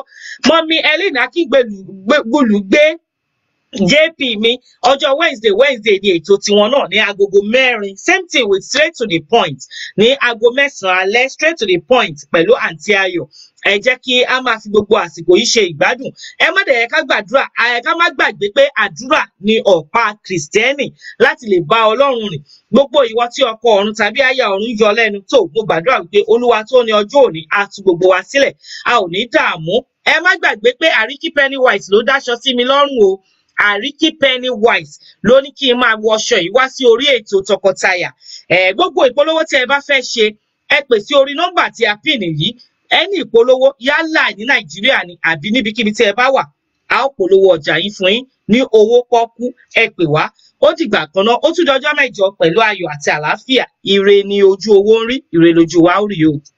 mọ́mí Ellen akíngbèlú gbé jp mi ọjọ́ wednesday wednesday ni ètò tiwọn náà ní agogo mẹ́rin same thing with straight to the point ní aago mẹ́sàn-án alẹ́ straight to the point pẹ̀lú àǹtí ayọ̀ ẹ jẹ́ kí a máa fi gbogbo àsìkò yìí ṣe ìgbádùn ẹ má dẹ̀ ká gbàdúrà ẹ ká má gbàgbé pé àdúrà ni ọ̀pá kìrìsìtẹ́nì láti lè bá ọlọ́run rìn gbogbo ìwọ tí ọkọ ọ̀run tàbí aya ọ̀run yọ lẹ́nu tó mo gbàdúrà wípé olúwa tó ní ọjọ́ òní á tú gbogbo wa sílẹ̀ a ò ní dààmú ẹ má gbàgbé pé àríkí Pennywise ló dáṣọ sí mi lọ́rùn o àríkí Pennywise ló ní kí n máa wọṣọ yìí wá sí orí ètò tọkọtaya gbogbo ìpolówó tí ẹ bá fẹ́ ṣe ẹ pè orí nọ́mbà tí a pín nìyí ẹni ìpolówó yálà ní nàìjíríà ni àbí níbikíbi tí ẹ bá wà a ó polówó ọjà yín fún yín ní owó pọ́kú ẹ pè wá ó dìgbà kan náà ó tún dọjọ́ mẹ́jọ pẹ̀lú ayọ̀ àti àlàáfíà ire ni ojú owó ń rí ire lójú wa ó rí o.